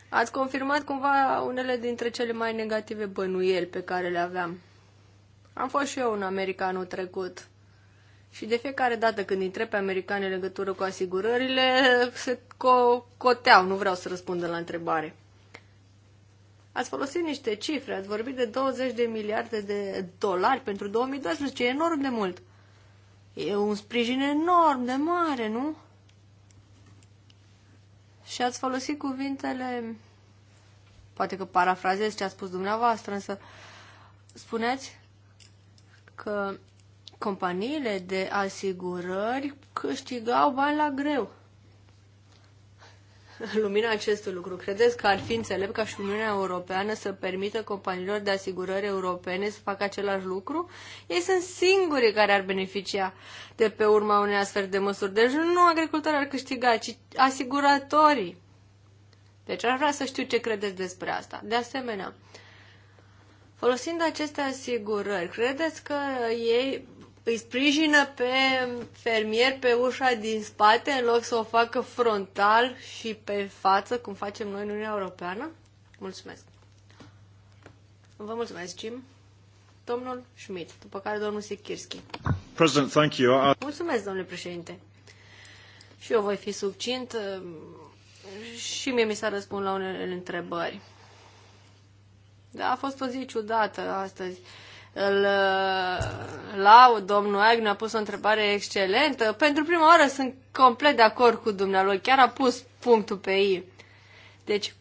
Ați confirmat cumva unele dintre cele mai negative bănuieli pe care le aveam. Am fost și eu în America anul trecut. Și de fiecare dată când intre pe americani în legătură cu asigurările, se co- coteau, nu vreau să răspundă la întrebare. Ați folosit niște cifre, ați vorbit de 20 de miliarde de dolari pentru 2012, e enorm de mult. E un sprijin enorm de mare, nu? Și ați folosit cuvintele, poate că parafrazez ce a spus dumneavoastră, însă spuneți că companiile de asigurări câștigau bani la greu lumina acestui lucru, credeți că ar fi înțelept ca și Uniunea Europeană să permită companiilor de asigurări europene să facă același lucru? Ei sunt singurii care ar beneficia de pe urma unei astfel de măsuri. Deci nu agricultorii ar câștiga, ci asiguratorii. Deci ar vrea să știu ce credeți despre asta. De asemenea, Folosind aceste asigurări, credeți că ei îi sprijină pe fermier pe ușa din spate în loc să o facă frontal și pe față, cum facem noi în Uniunea Europeană? Mulțumesc. Vă mulțumesc, Jim. Domnul Schmidt, după care domnul Sikirski. President, thank you. Mulțumesc, domnule președinte. Și eu voi fi subcint și mie mi s-a răspuns la unele întrebări. Da, a fost o zi ciudată astăzi. Uh, îl uh, laud, domnul Agnew a pus o întrebare excelentă. Pentru prima oară sunt complet de acord cu dumnealui, chiar a pus punctul pe ei. Deci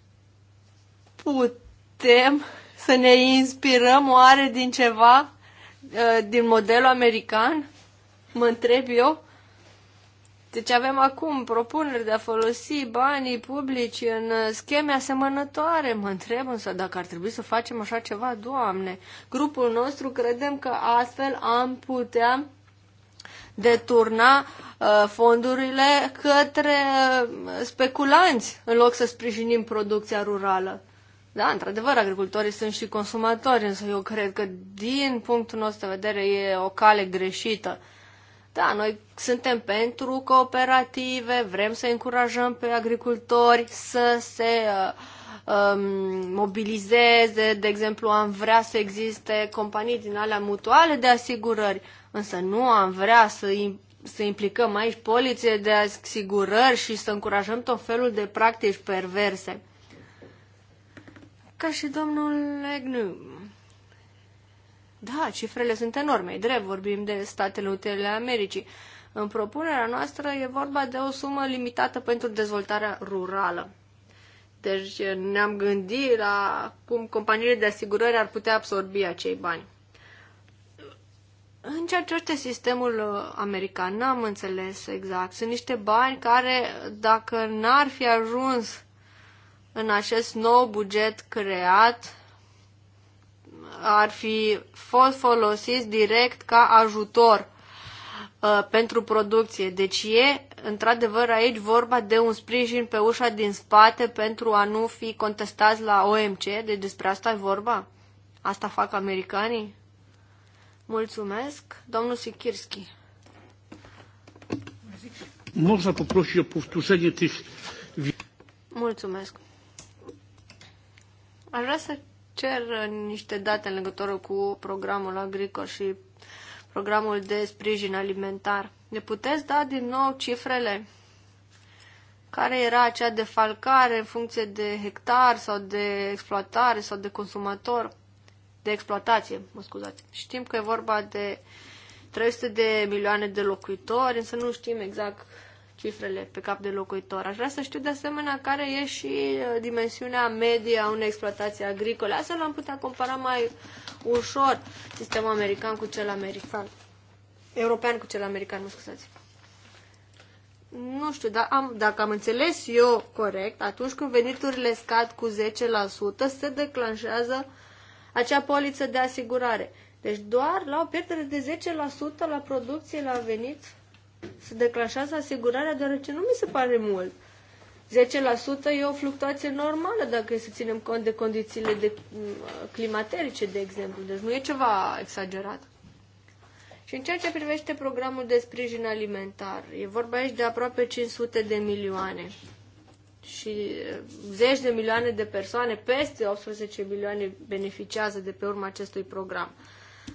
putem să ne inspirăm oare din ceva uh, din modelul american? Mă întreb eu. Deci avem acum propuneri de a folosi banii publici în uh, scheme asemănătoare. Mă întreb însă dacă ar trebui să facem așa ceva, Doamne. Grupul nostru credem că astfel am putea deturna uh, fondurile către uh, speculanți în loc să sprijinim producția rurală. Da, într-adevăr, agricultorii sunt și consumatori, însă eu cred că din punctul nostru de vedere e o cale greșită. Uh, da, noi suntem pentru cooperative, vrem să încurajăm pe agricultori să se uh, um, mobilizeze, de exemplu, am vrea să existe companii din alea mutuale de asigurări, însă nu am vrea să, să implicăm aici poliție de asigurări și să încurajăm tot felul de practici perverse. Ca și domnul Egnu, da, cifrele sunt enorme, e drept, vorbim de Statele Unite Americii. În propunerea noastră e vorba de o sumă limitată pentru dezvoltarea rurală. Deci eh, ne-am gândit la cum companiile de asigurări ar putea absorbi acei bani. În ceea ce este sistemul eh, american, n-am înțeles exact. Sunt niște bani care, dacă n-ar fi ajuns în acest nou buget creat, ar fi fost folosiți direct ca ajutor uh, pentru producție. Deci e, într-adevăr, aici vorba de un sprijin pe ușa din spate pentru a nu fi contestați la OMC. De despre asta e vorba? Asta fac americanii? Mulțumesc. Domnul Sikirski. Mulțumesc. poprosić o powtórzenie tych... Mulțumesc. Aș vrea să cer uh, niște date în legătură cu programul agricol și programul de sprijin alimentar. Ne puteți da din nou cifrele? Care era acea defalcare în funcție de hectar sau de exploatare sau de consumator? De exploatație, mă scuzați. Știm că e vorba de 300 de milioane de locuitori, însă nu știm exact cifrele pe cap de locuitor. Aș vrea să știu de asemenea care e și uh, dimensiunea medie a unei exploatații agricole. Asta l-am putea compara mai ușor sistemul american cu cel american. European cu cel american, mă scuzați. Nu știu, dar am, dacă am înțeles eu corect, atunci când veniturile scad cu 10%, se declanșează acea poliță de asigurare. Deci doar la o pierdere de 10% la producție, la venit, se declanșează asigurarea deoarece nu mi se pare mult. 10% e o fluctuație normală dacă să ținem cont de condițiile de, mm, climaterice, de exemplu. Deci nu e ceva exagerat. Și în ceea ce privește programul de sprijin alimentar, e vorba aici de aproape 500 de milioane și eh, zeci de milioane de persoane, peste 18 milioane beneficiază de pe urma acestui program.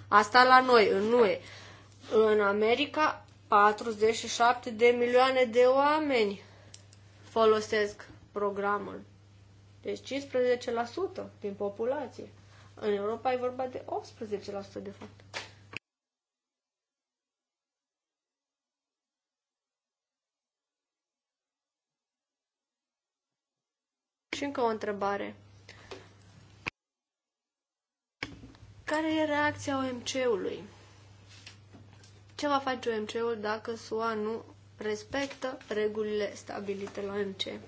Asta la noi, în UE. În America, 47 de milioane de oameni folosesc programul. Deci 15% din populație. În Europa e vorba de 18% de fapt. Și încă o întrebare. Care e reacția OMC-ului? Ce va face OMC-ul dacă SUA nu respectă regulile stabilite la OMC?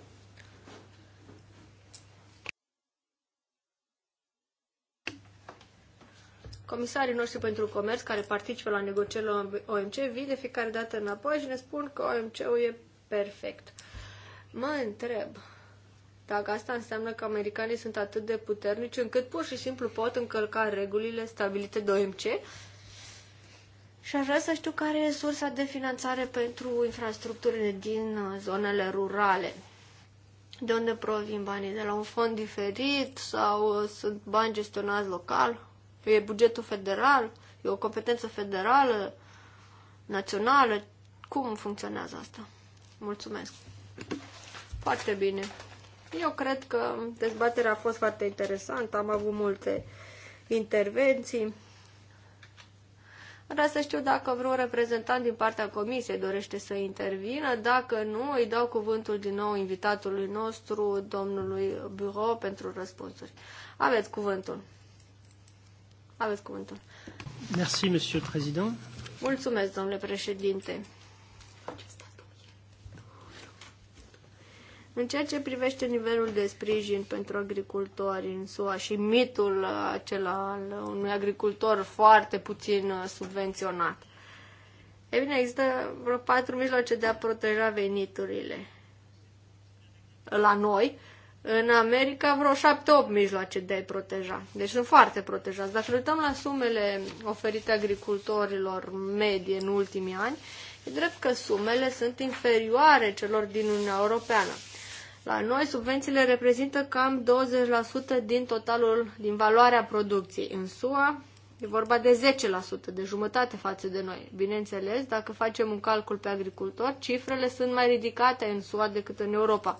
Comisarii noștri pentru comerț care participă la negocierile OMC vin de fiecare dată înapoi și ne spun că OMC-ul e perfect. Mă întreb dacă asta înseamnă că americanii sunt atât de puternici încât pur și simplu pot încălca regulile stabilite de OMC și aș vrea să știu care e sursa de finanțare pentru infrastructurile din uh, zonele rurale. De unde provin banii? De la un fond diferit sau uh, sunt bani gestionați local? E bugetul federal? E o competență federală, națională? Cum funcționează asta? Mulțumesc! Foarte bine! Eu cred că dezbaterea a fost foarte interesantă, am avut multe intervenții. Vreau să știu dacă vreun reprezentant din partea comisiei dorește să intervină. Dacă nu, îi dau cuvântul din nou invitatului nostru, domnului Bureau, pentru răspunsuri. Aveți cuvântul. Aveți cuvântul. Merci, monsieur président. Mulțumesc, domnule președinte. În ceea ce privește nivelul de sprijin pentru agricultori în SUA și mitul acela al unui agricultor foarte puțin uh, subvenționat. E bine, există vreo patru mijloace de a proteja veniturile la noi. În America vreo șapte-opt mijloace de a-i proteja. Deci sunt foarte protejați. Dacă uităm la sumele oferite agricultorilor medie în ultimii ani, E drept că sumele sunt inferioare celor din Uniunea Europeană. La noi, subvențiile reprezintă cam 20% din totalul, din valoarea producției. În SUA, E vorba de 10%, de jumătate față de noi. Bineînțeles, dacă facem un calcul pe agricultor, cifrele sunt mai ridicate în SUA decât în Europa.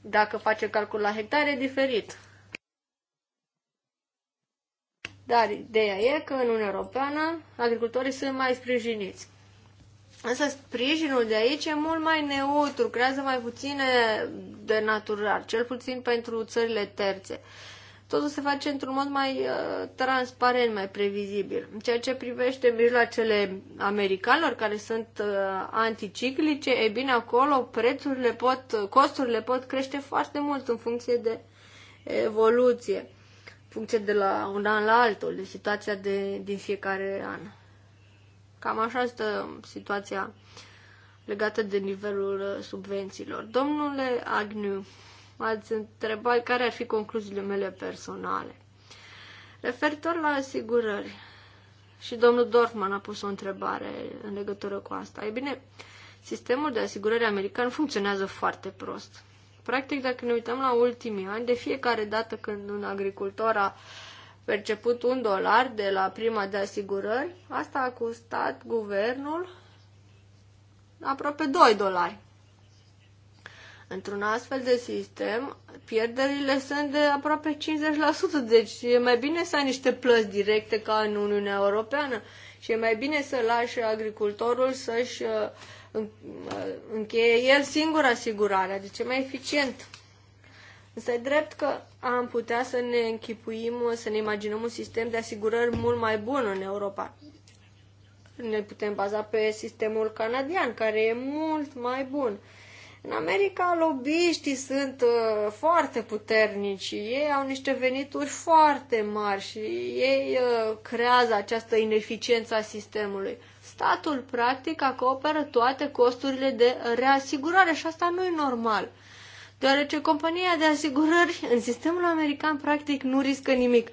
Dacă facem calcul la hectare, e diferit. Dar ideea e că în Uniunea Europeană agricultorii sunt mai sprijiniți. Însă sprijinul de aici e mult mai neutru, creează mai puține de natural, cel puțin pentru țările terțe. Totul se face într-un mod mai uh, transparent, mai previzibil. În ceea ce privește mijloacele americanilor care sunt uh, anticiclice, e bine, acolo prețurile pot, costurile pot crește foarte mult în funcție de evoluție, în funcție de la un an la altul, de situația de, din fiecare an. Cam așa stă situația legată de nivelul uh, subvențiilor. Domnule Agnew, m-ați întrebat care ar fi concluziile mele personale. Referitor la asigurări, și domnul Dorfman a pus o întrebare în legătură cu asta. E bine, sistemul de asigurări american funcționează foarte prost. Practic, dacă ne uităm la ultimii ani, de fiecare dată când un agricultor a perceput un dolar de la prima de asigurări, asta a costat guvernul aproape 2 dolari. Într-un astfel de sistem, pierderile sunt de aproape 50%, deci e mai bine să ai niște plăți directe ca în Uniunea Europeană și e mai bine să lași agricultorul să-și uh, uh, încheie el singur asigurarea, deci e mai eficient. Însă e drept că am putea să ne închipuim, să ne imaginăm un sistem de asigurări mult mai bun în Europa. Ne putem baza pe sistemul canadian, care e mult mai bun. În America, lobbyiștii sunt uh, foarte puternici, ei au niște venituri foarte mari și ei uh, creează această ineficiență a sistemului. Statul, practic, acoperă toate costurile de reasigurare și asta nu e normal deoarece compania de asigurări în sistemul american practic nu riscă nimic.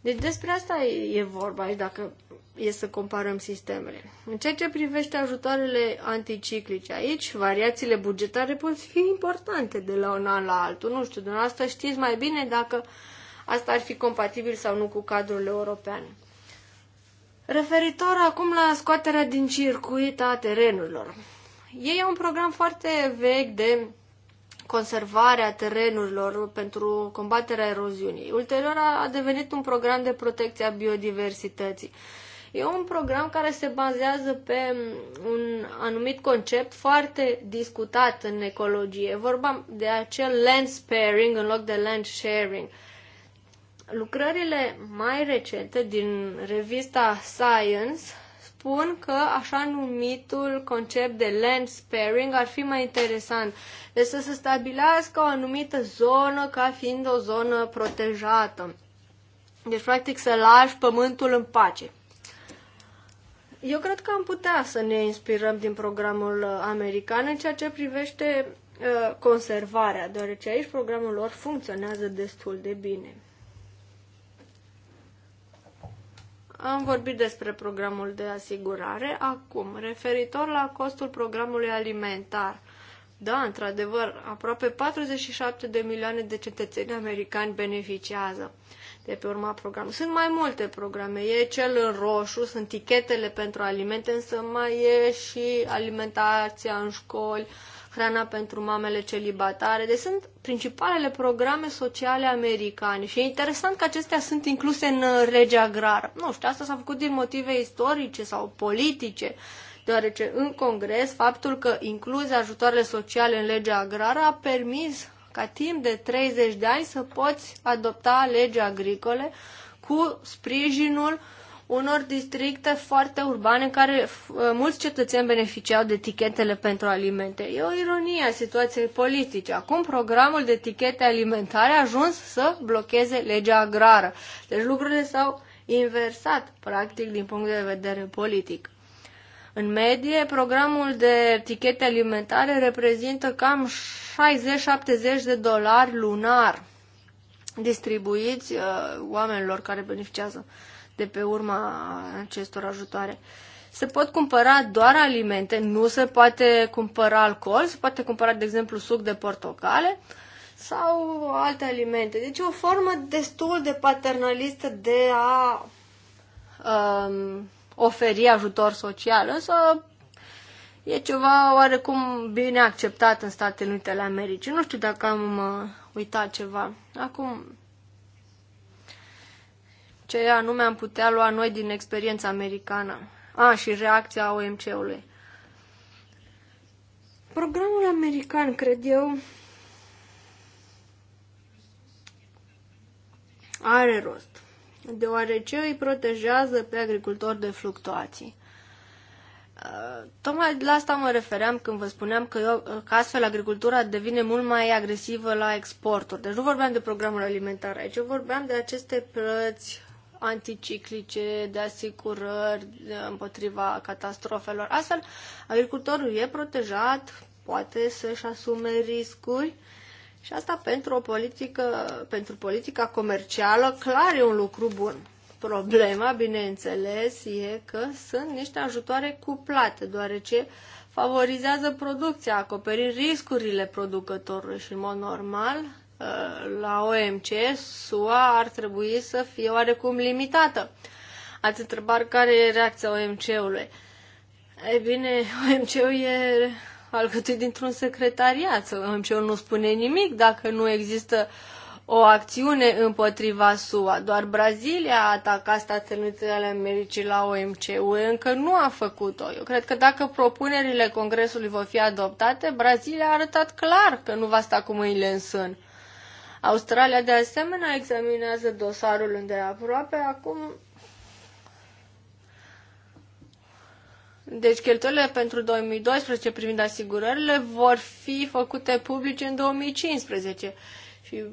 Deci despre asta e vorba aici dacă e să comparăm sistemele. În ceea ce privește ajutoarele anticiclice, aici variațiile bugetare pot fi importante de la un an la altul. Nu știu, dumneavoastră știți mai bine dacă asta ar fi compatibil sau nu cu cadrul european. Referitor acum la scoaterea din circuit a terenurilor. Ei au un program foarte vechi de conservarea terenurilor pentru combaterea eroziunii. Ulterior a devenit un program de protecție a biodiversității. E un program care se bazează pe un anumit concept foarte discutat în ecologie. E de acel land sparing în loc de land sharing. Uh, Lucrările mai recente din revista Science spun că așa numitul concept de land sparing ar fi mai interesant. Deci să se stabilească o anumită zonă ca fiind o zonă protejată. Deci, practic, să lași pământul în pace. Eu cred că am putea să ne inspirăm din programul uh, american în ceea ce privește uh, conservarea, deoarece aici programul lor funcționează destul de bine. Am vorbit despre programul de asigurare. Acum, referitor la costul programului alimentar. Da, într-adevăr, aproape 47 de milioane de cetățeni americani beneficiază de pe urma programului. Sunt mai multe programe. E cel în roșu, sunt tichetele pentru alimente, însă mai e și alimentația în școli, uh, hrana pentru mamele celibatare. Deci sunt principalele programe sociale americane și e interesant că acestea sunt incluse în uh, legea agrară. Nu știu, asta s-a făcut din motive istorice sau politice, deoarece în Congres faptul că incluzi ajutoarele sociale în legea agrară a permis ca timp de 30 de ani să poți adopta legea agricole cu sprijinul uh, unor districte foarte urbane în care uh, mulți cetățeni beneficiau de etichetele pentru alimente. E o ironie a situației politice. Acum programul de etichete alimentare a ajuns să blocheze legea agrară. Deci lucrurile s-au inversat, practic, din punct de vedere politic. În medie, programul de etichete alimentare reprezintă cam 60-70 de dolari lunar distribuiți uh, oamenilor care beneficiază de pe urma acestor ajutoare. Se pot cumpăra doar alimente, nu se poate cumpăra alcool, se poate cumpăra, de exemplu, suc de portocale sau alte alimente. Deci o formă destul de paternalistă de a um, oferi ajutor social, însă e ceva oarecum bine acceptat în Statele Unite ale Americii. Nu știu dacă am uh, uitat ceva. Acum, ce anume am putea lua noi din experiența americană. A, și reacția OMC-ului. Programul american, cred eu, are rost, deoarece îi protejează pe agricultori de fluctuații. Tocmai la asta mă refeream când vă spuneam că, eu, că astfel agricultura devine mult mai agresivă la exporturi. Deci nu vorbeam de programul alimentar aici, eu vorbeam de aceste plăți anticiclice, de asigurări împotriva catastrofelor. Astfel, agricultorul e protejat, poate să-și asume riscuri și asta pentru o politică, pentru politica comercială, clar e un lucru bun. Problema, bineînțeles, e că sunt niște ajutoare cuplate, deoarece favorizează producția, acoperind riscurile producătorului și, în mod normal, Uh, la OMC, SUA ar trebui să fie oarecum limitată. Ați întrebat care e reacția OMC-ului. Ei bine, OMC-ul e alcătuit dintr-un secretariat. OMC-ul nu spune nimic dacă nu există o acțiune împotriva SUA. Doar Brazilia a atacat Statele Unite ale Americii la OMC. UE încă nu a făcut-o. Eu cred că dacă propunerile Congresului vor fi adoptate, Brazilia a arătat clar că nu va sta cu mâinile în sân. Australia de asemenea examinează dosarul îndeaproape. Acum Deci cheltuielile pentru 2012 privind asigurările vor fi făcute publice în 2015 și uh,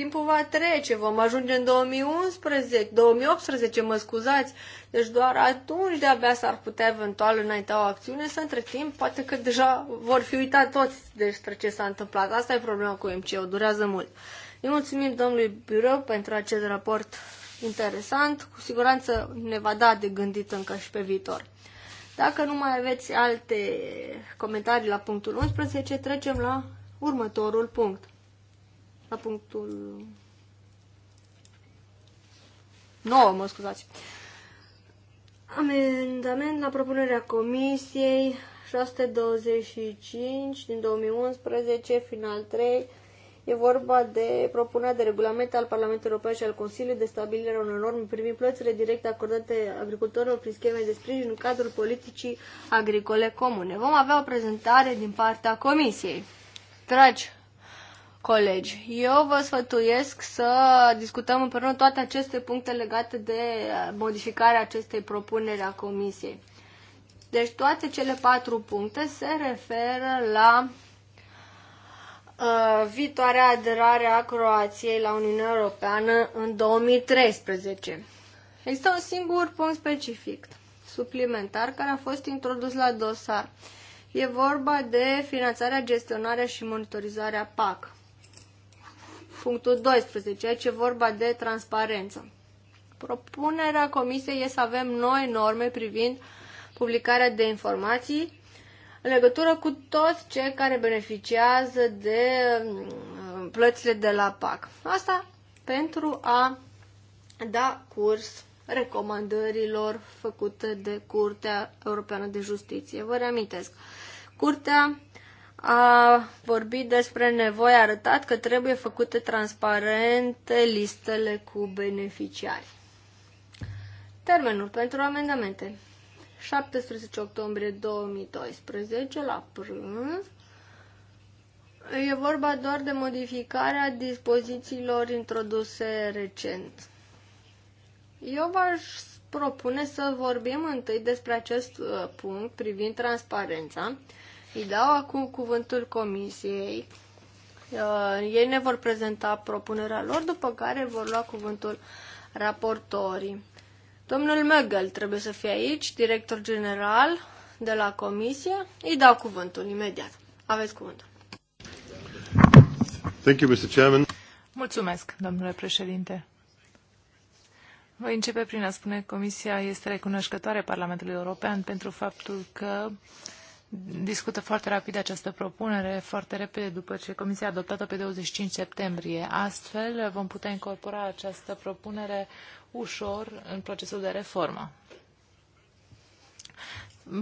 timpul va trece, vom ajunge în 2011, 2018, mă scuzați, deci doar atunci de-abia s-ar putea eventual înainta o acțiune, să între timp poate că deja vor fi uitat toți despre ce s-a întâmplat. Asta e problema cu o durează mult. Îi mulțumim domnului Birău pentru acest raport interesant, cu siguranță ne va da de gândit încă și pe viitor. Dacă nu mai aveți alte comentarii la punctul 11, trecem la următorul punct la punctul 9, mă scuzați. Amendament la propunerea comisiei 625 din 2011, final 3, E vorba de propunerea de regulament al Parlamentului European și al Consiliului de stabilire unor norme privind plățile directe acordate agricultorilor prin scheme de sprijin în cadrul politicii agricole comune. Vom avea o prezentare din partea Comisiei. Dragi colegi. Eu vă sfătuiesc să discutăm împreună toate aceste puncte legate de uh, modificarea acestei propuneri a Comisiei. Deci toate cele patru puncte se referă la uh, viitoarea aderare a Croației la Uniunea Europeană în 2013. Există un singur punct specific, suplimentar, care a fost introdus la dosar. E vorba de finanțarea, gestionarea și monitorizarea PAC punctul 12, aici e vorba de transparență. Propunerea comisiei este să avem noi norme privind publicarea de informații în legătură cu toți cei care beneficiază de mm, plățile de la PAC. Asta pentru a da curs recomandărilor făcute de Curtea Europeană de Justiție. Vă reamintesc, Curtea a vorbit despre nevoia arătat că trebuie făcute transparente listele cu beneficiari. Termenul pentru amendamente. 17 octombrie 2012 la prânz. E vorba doar de modificarea dispozițiilor introduse recent. Eu v-aș propune să vorbim întâi despre acest uh, punct privind transparența îi dau acum cuvântul comisiei. Uh, ei ne vor prezenta propunerea lor, după care vor lua cuvântul raportorii. Domnul Megel trebuie să fie aici, director general de la comisie. Îi dau cuvântul imediat. Aveți cuvântul. Thank you, Mr. Chairman. Mulțumesc, domnule președinte. Voi începe prin a spune că Comisia este recunoscătoare Parlamentului European pentru faptul că discută foarte rapid această propunere, foarte repede după ce Comisia a adoptat-o pe 25 septembrie. Astfel vom putea incorpora această propunere ușor în procesul de reformă.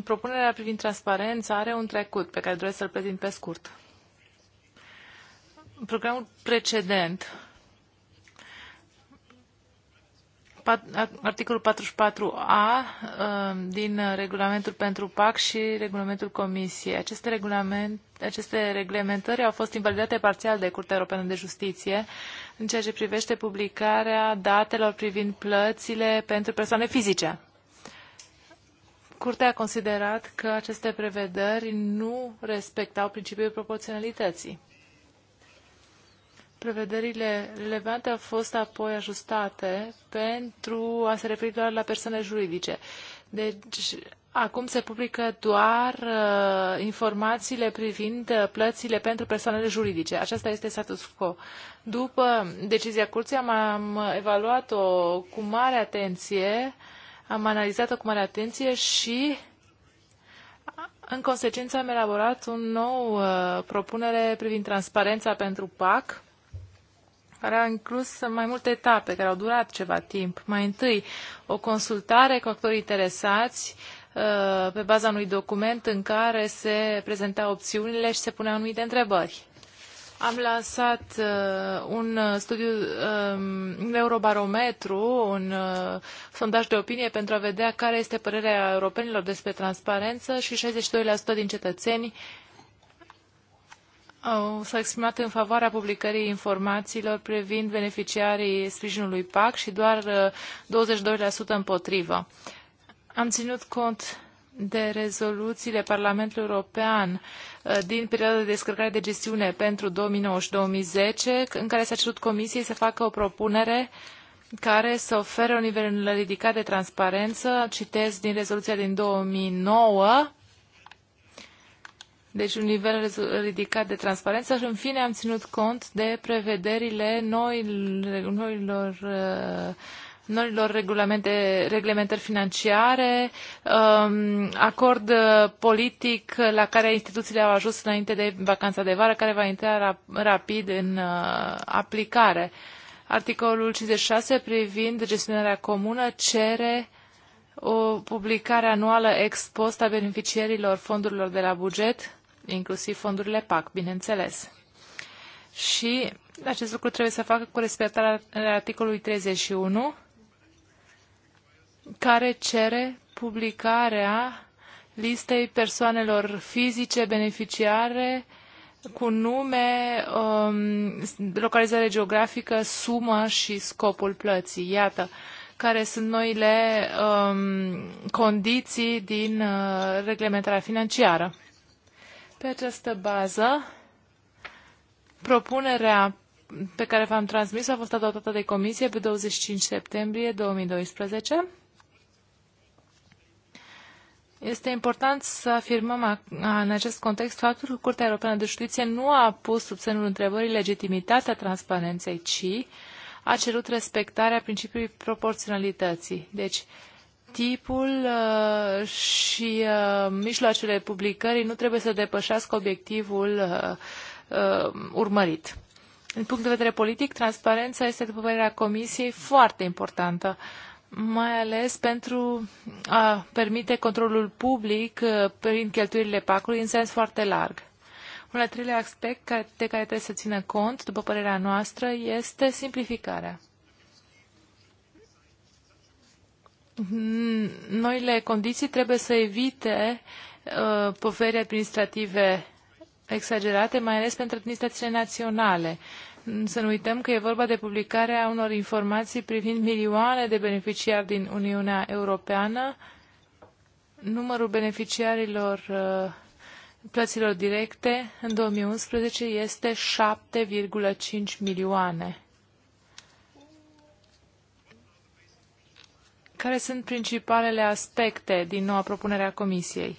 Propunerea privind transparența are un trecut pe care doresc să-l prezint pe scurt. Programul precedent articolul 44a um, din regulamentul pentru PAC și regulamentul Comisiei. Aceste, regulament, aceste reglementări au fost invalidate parțial de Curtea Europeană de Justiție în ceea ce privește publicarea datelor privind plățile pentru persoane fizice. Curtea a considerat că aceste prevederi nu respectau principiul proporționalității. Prevederile relevante au fost apoi ajustate pentru a se referi doar la persoane juridice. Deci, acum se publică doar uh, informațiile privind uh, plățile pentru persoanele juridice. Aceasta este status quo. După decizia curții am, am evaluat-o cu mare atenție, am analizat-o cu mare atenție și în consecință am elaborat un nou uh, propunere privind transparența pentru PAC care a inclus mai multe etape care au durat ceva timp. Mai întâi, o consultare cu actorii interesați uh, pe baza unui document în care se prezentau opțiunile și se puneau anumite întrebări. Am lansat uh, un uh, studiu, un um, eurobarometru, un uh, sondaj de opinie pentru a vedea care este părerea europenilor despre transparență și 62% din cetățeni s-au exprimat în favoarea publicării informațiilor privind beneficiarii sprijinului PAC și doar 22% uh, împotrivă. Am ținut cont de rezoluțiile Parlamentului European uh, din perioada de descărcare de gestiune pentru 2009-2010, în care s-a cerut Comisiei să facă o propunere care să ofere un nivel ridicat de transparență, citesc din rezoluția din 2009, deci un nivel ridicat de transparență și în fine am ținut cont de prevederile noilor uh, noilor regulamente, reglementări financiare, um, acord uh, politic la care instituțiile au ajuns înainte de vacanța de vară, care va intra rapid în uh, aplicare. Articolul 56 privind gestionarea comună cere o publicare anuală ex post a beneficierilor fondurilor de la buget inclusiv fondurile PAC, bineînțeles. Și acest lucru trebuie să facă cu respectarea articolului 31, care cere publicarea listei persoanelor fizice beneficiare cu nume, um, localizare geografică, sumă și scopul plății. Iată care sunt noile um, condiții din uh, reglementarea financiară. Pe această bază, propunerea pe care v-am transmis a fost adoptată de comisie pe 25 septembrie 2012. Este important să afirmăm în acest context faptul că Curtea Europeană de Justiție nu a pus sub semnul întrebării legitimitatea transparenței, ci a cerut respectarea principiului proporționalității. Deci, tipul uh, și uh, mijloacele publicării nu trebuie să depășească obiectivul uh, urmărit. Din punct de vedere politic, transparența este, după părerea Comisiei, foarte importantă, mai ales pentru a permite controlul public prin cheltuielile PAC-ului în sens foarte larg. Un al treilea aspect de care trebuie să țină cont, după părerea noastră, este simplificarea. Mm, noile condiții trebuie să evite uh, poveri administrative exagerate, mai ales pentru administrațiile naționale. Mm, să nu uităm că e vorba de publicarea unor informații privind milioane de beneficiari din Uniunea Europeană, numărul beneficiarilor uh, plăților directe în 2011 este 7,5 milioane. Care sunt principalele aspecte din noua propunere a Comisiei?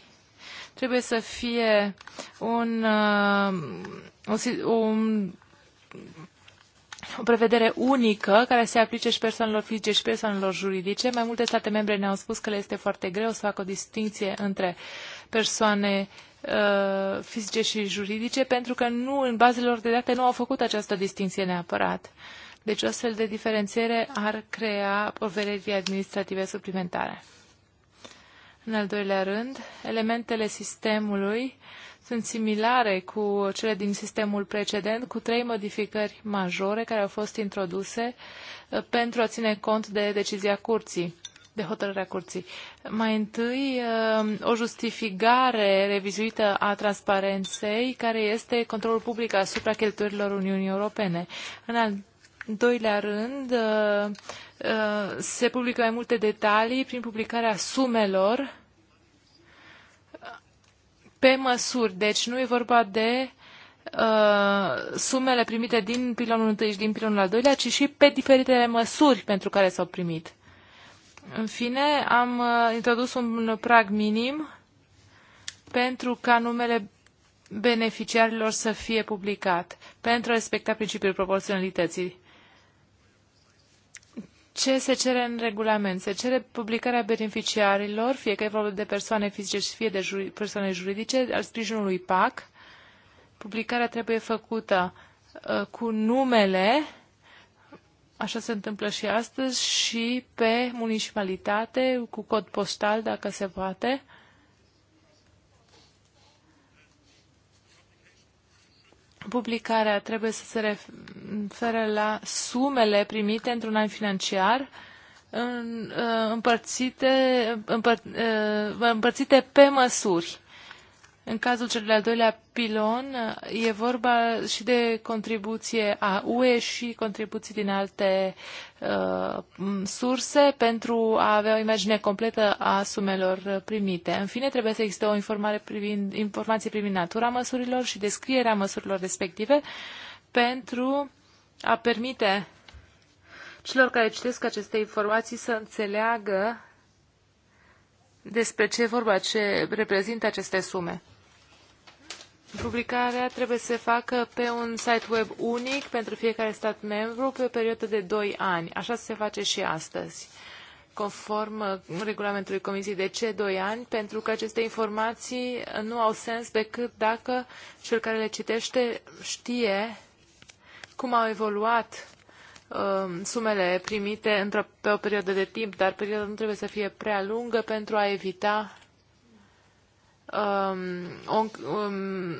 Trebuie să fie un, o, uh, o, o prevedere unică care se aplice și persoanelor fizice și persoanelor juridice. Mai multe state membre ne-au spus că le este foarte greu să facă o distinție între persoane uh, fizice și juridice pentru că nu, în bazele lor de date nu au făcut această distinție neapărat. Uh, deci o astfel de diferențiere ar crea povereri administrative suplimentare. În al doilea rând, elementele sistemului sunt similare cu cele din sistemul precedent, cu trei modificări majore care au fost introduse uh, pentru a ține cont de decizia curții de hotărârea curții. Mai întâi, uh, o justificare revizuită a transparenței, care este controlul public asupra cheltuielilor Uniunii Europene. În al în doilea rând, uh, uh, se publică mai multe detalii prin publicarea sumelor pe măsuri. Deci nu e vorba de uh, sumele primite din pilonul 1 și din pilonul al doilea, ci și pe diferitele măsuri pentru care s-au primit. În fine, am introdus un prag minim pentru ca numele beneficiarilor să fie publicat, pentru a respecta principiul proporționalității ce se cere în regulament? Se cere publicarea beneficiarilor, fie că e vorba de persoane fizice, fie de juri, persoane juridice, al sprijinului PAC. Publicarea trebuie făcută uh, cu numele, așa se întâmplă și astăzi, și pe municipalitate, cu cod postal, dacă se poate. publicarea trebuie să se refere la sumele primite într-un an financiar uh, împărțite, împăr, uh, împărțite pe măsuri. În cazul celui de-al doilea pilon e vorba și de contribuție a UE și contribuții din alte uh, surse pentru a avea o imagine completă a sumelor primite. În fine, trebuie să existe o informare privind, informație privind natura măsurilor și descrierea măsurilor respective pentru a permite celor care citesc aceste informații să înțeleagă despre ce vorba, ce reprezintă aceste sume. Publicarea trebuie să se facă pe un site web unic pentru fiecare stat membru pe o perioadă de 2 ani. Așa se face și astăzi conform uh, regulamentului Comisiei de ce 2 ani, pentru că aceste informații uh, nu au sens decât dacă cel care le citește știe cum au evoluat um, sumele primite într pe o perioadă de timp, dar perioada nu trebuie să fie prea lungă pentru a evita um, um,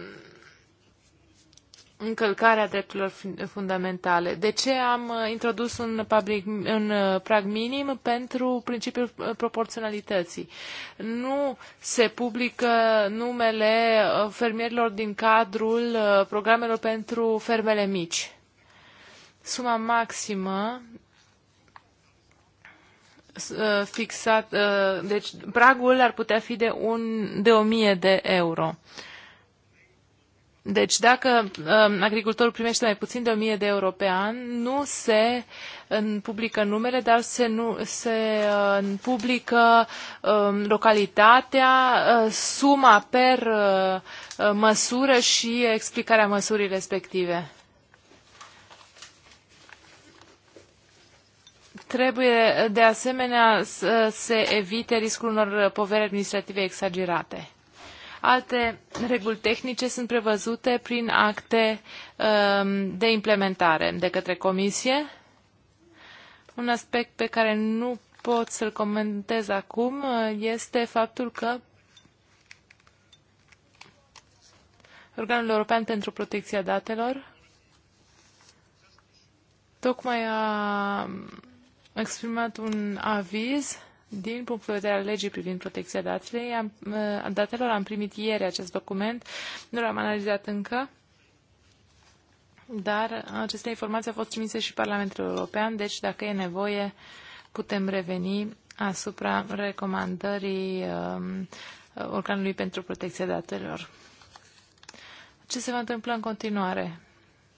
încălcarea drepturilor fundamentale. De ce am uh, introdus un, public, un uh, prag minim? Pentru principiul uh, proporționalității. Nu se publică numele fermierilor din cadrul programelor pentru fermele mici. Suma maximă Uh, fixat, uh, deci pragul ar putea fi de, un, de 1000 de euro. Deci dacă um, agricultorul primește mai puțin de 1000 de euro pe an, nu se publică numele, dar se, nu, se uh, publică um, localitatea, suma per măsură și explicarea măsurii respective. Trebuie de asemenea să se evite riscul unor poveri administrative exagerate. Alte reguli tehnice sunt prevăzute prin acte um, de implementare de către comisie. Un aspect pe care nu pot să-l comentez acum uh, este faptul că Organul European pentru Protecția Datelor tocmai a exprimat un aviz din punctul de vedere al legii privind protecția datelor. Am, uh, datelor am primit ieri acest document, nu l-am analizat încă, dar aceste informații au fost trimise și Parlamentul European, deci dacă e nevoie putem reveni asupra recomandării um, organului pentru protecția datelor. Ce se va întâmpla în continuare?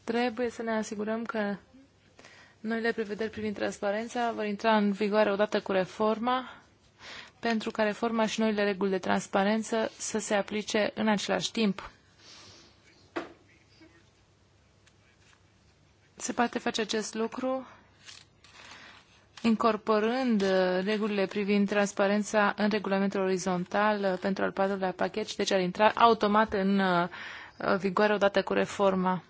Trebuie să ne asigurăm că Noile prevederi privind transparența vor intra în vigoare odată cu reforma, pentru ca reforma și noile reguli de transparență să se aplice în același timp. Se poate face acest lucru incorporând uh, regulile privind transparența în regulamentul orizontal uh, pentru al patrulea pachet și deci ar intra automat în uh, vigoare odată cu reforma.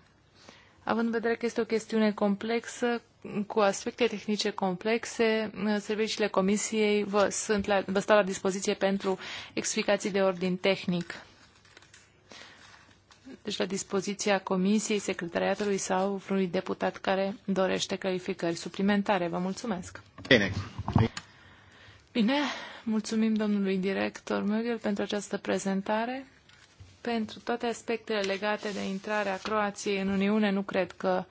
Având în vedere că este o chestiune complexă, cu aspecte tehnice complexe, serviciile Comisiei vă, sunt la, vă stau la dispoziție pentru explicații de ordin tehnic. Deci la dispoziția Comisiei, Secretariatului sau vreunui deputat care dorește clarificări suplimentare. Vă mulțumesc! Bine! Bine, mulțumim domnului director Mögel pentru această prezentare pentru toate aspectele legate de intrarea Croației în Uniune, nu cred că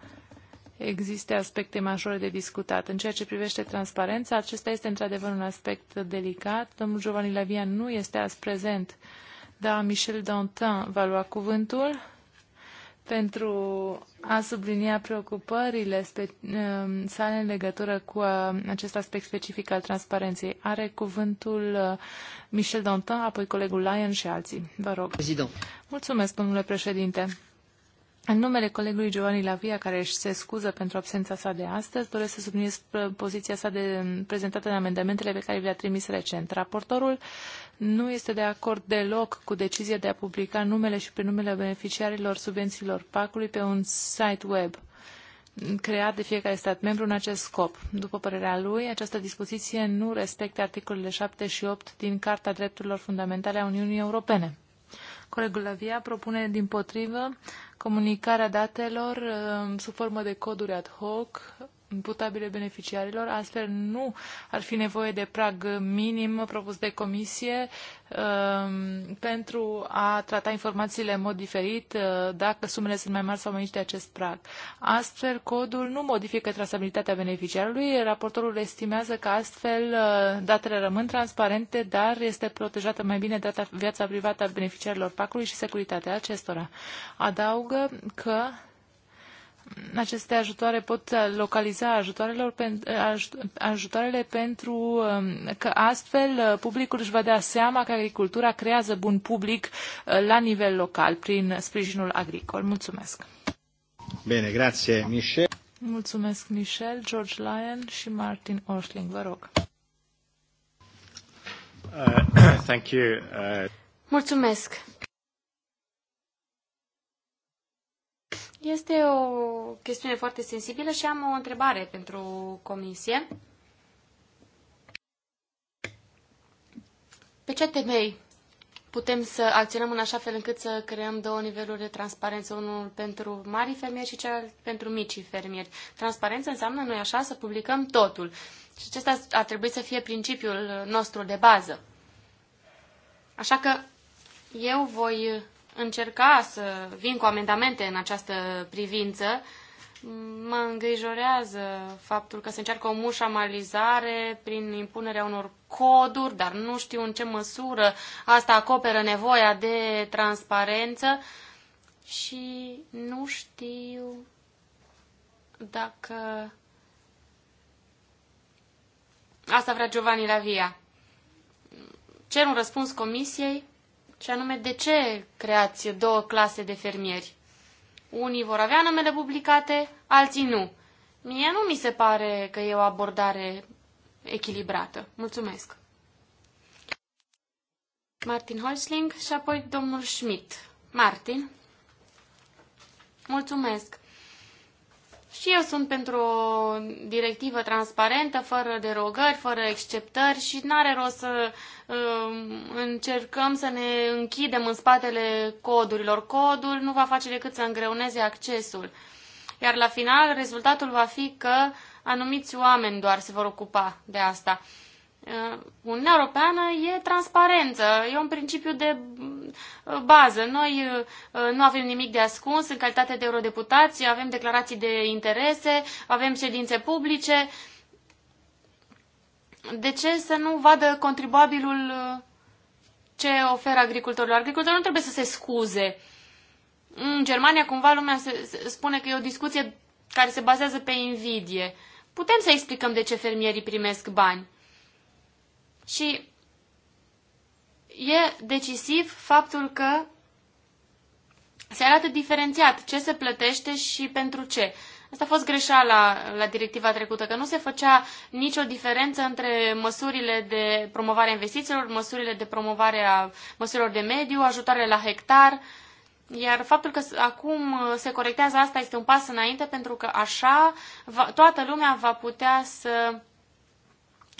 există aspecte majore de discutat. În ceea ce privește transparența, acesta este într-adevăr un aspect delicat. Domnul Giovanni Lavia nu este azi prezent, dar Michel Dantin va lua cuvântul pentru a sublinia preocupările um, sale în legătură cu uh, acest aspect specific al transparenței. Are cuvântul uh, Michel Dantin, apoi colegul Lyon și alții. Vă rog. Prezident. Mulțumesc, domnule președinte. În numele colegului Giovanni Lavia, care își se scuză pentru absența sa de astăzi, doresc să subliniez uh, poziția sa de, prezentată în amendamentele pe care le-a trimis recent. Raportorul nu este de acord deloc cu decizia de a publica numele și prenumele beneficiarilor subvențiilor PAC-ului pe un site web creat de fiecare stat membru în acest scop. După părerea lui, această dispoziție nu respectă articolele 7 și 8 din Carta Drepturilor Fundamentale a Uniunii Europene. Colegul Lavia propune, din potrivă, comunicarea datelor uh, sub formă de coduri ad hoc imputabile beneficiarilor, astfel nu ar fi nevoie de prag minim propus de comisie um, pentru a trata informațiile în mod diferit uh, dacă sumele sunt mai mari sau mai mici de acest prag. Astfel, codul nu modifică trasabilitatea beneficiarului, raportorul estimează că astfel uh, datele rămân transparente, dar este protejată mai bine data, viața privată a beneficiarilor pac și securitatea acestora. Adaugă că aceste ajutoare pot localiza ajutoarelor, ajutoarele pentru um, că astfel uh, publicul își va da seama că agricultura creează bun public uh, la nivel local prin sprijinul agricol. Mulțumesc! Bine, grație, Michel. Mulțumesc, Michel, George Lyon și Martin Orsling, Vă rog. Uh, thank you. Uh... Mulțumesc. Este o chestiune foarte sensibilă și am o întrebare pentru comisie. Pe ce temei putem să acționăm în așa fel încât să creăm două niveluri de transparență, unul pentru mari fermieri și cel pentru micii fermieri. Transparență înseamnă, noi așa, să publicăm totul. Și acesta ar trebui să fie principiul nostru de bază. Așa că eu voi încerca să vin cu amendamente în această privință. Mă îngrijorează faptul că se încearcă o mușamalizare prin impunerea unor coduri, dar nu știu în ce măsură asta acoperă nevoia de transparență și nu știu dacă asta vrea Giovanni Lavia. Cer un răspuns comisiei și anume, de ce creați două clase de fermieri? Unii vor avea numele publicate, alții nu. Mie nu mi se pare că e o abordare echilibrată. Mulțumesc. Martin Holzling și apoi domnul Schmidt. Martin. Mulțumesc. Și eu sunt pentru o directivă transparentă, fără derogări, fără exceptări și nu are rost să uh, încercăm să ne închidem în spatele codurilor. Codul nu va face decât să îngreuneze accesul. Iar la final, rezultatul va fi că anumiți oameni doar se vor ocupa de asta. Uh, Uniunea Europeană e transparență, e un principiu de uh, bază. Noi uh, nu avem nimic de ascuns în calitate de eurodeputați, avem declarații de interese, avem ședințe publice. De ce să nu vadă contribuabilul ce oferă agricultorilor? Agricultorul nu trebuie să se scuze. În Germania cumva lumea se, se spune că e o discuție care se bazează pe invidie. Putem să explicăm de ce fermierii primesc bani. Și e decisiv faptul că se arată diferențiat ce se plătește și pentru ce. Asta a fost greșeala la directiva trecută, că nu se făcea nicio diferență între măsurile de promovare a investițiilor, măsurile de promovare a măsurilor de mediu, ajutoarele la hectar, iar faptul că acum se corectează asta este un pas înainte pentru că așa va, toată lumea va putea să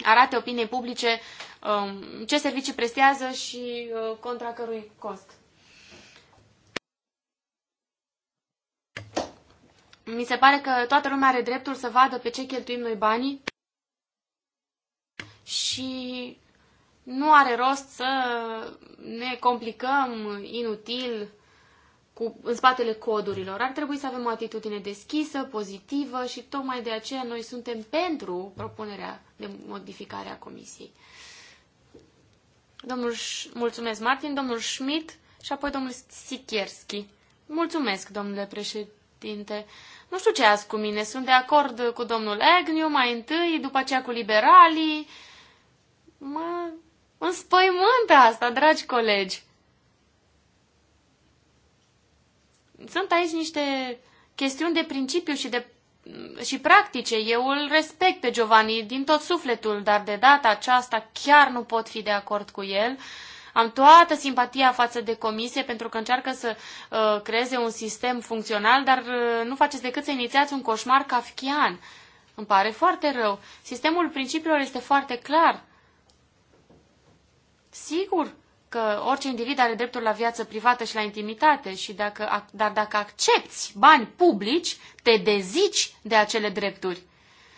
arate opiniei publice um, ce servicii prestează și uh, contra cărui cost. Mi se pare că toată lumea are dreptul să vadă pe ce cheltuim noi banii și nu are rost să ne complicăm inutil cu, în spatele codurilor. Ar trebui să avem o atitudine deschisă, pozitivă și tocmai de aceea noi suntem pentru propunerea de modificare a comisiei. Domnul, mulțumesc, Martin, domnul Schmidt și apoi domnul Sikierski. Mulțumesc, domnule președinte. Nu știu ce ați cu mine. Sunt de acord cu domnul Agnew mai întâi, după aceea cu liberalii. Mă înspăimântă asta, dragi colegi. Sunt aici niște chestiuni de principiu și de și practice. Eu îl respect pe Giovanni din tot sufletul, dar de data aceasta chiar nu pot fi de acord cu el. Am toată simpatia față de comisie pentru că încearcă să uh, creeze un sistem funcțional, dar uh, nu faceți decât să inițiați un coșmar kafkian. Îmi pare foarte rău. Sistemul principiilor este foarte clar. Sigur, că orice individ are dreptul la viață privată și la intimitate, și dacă, dar dacă accepti bani publici, te dezici de acele drepturi.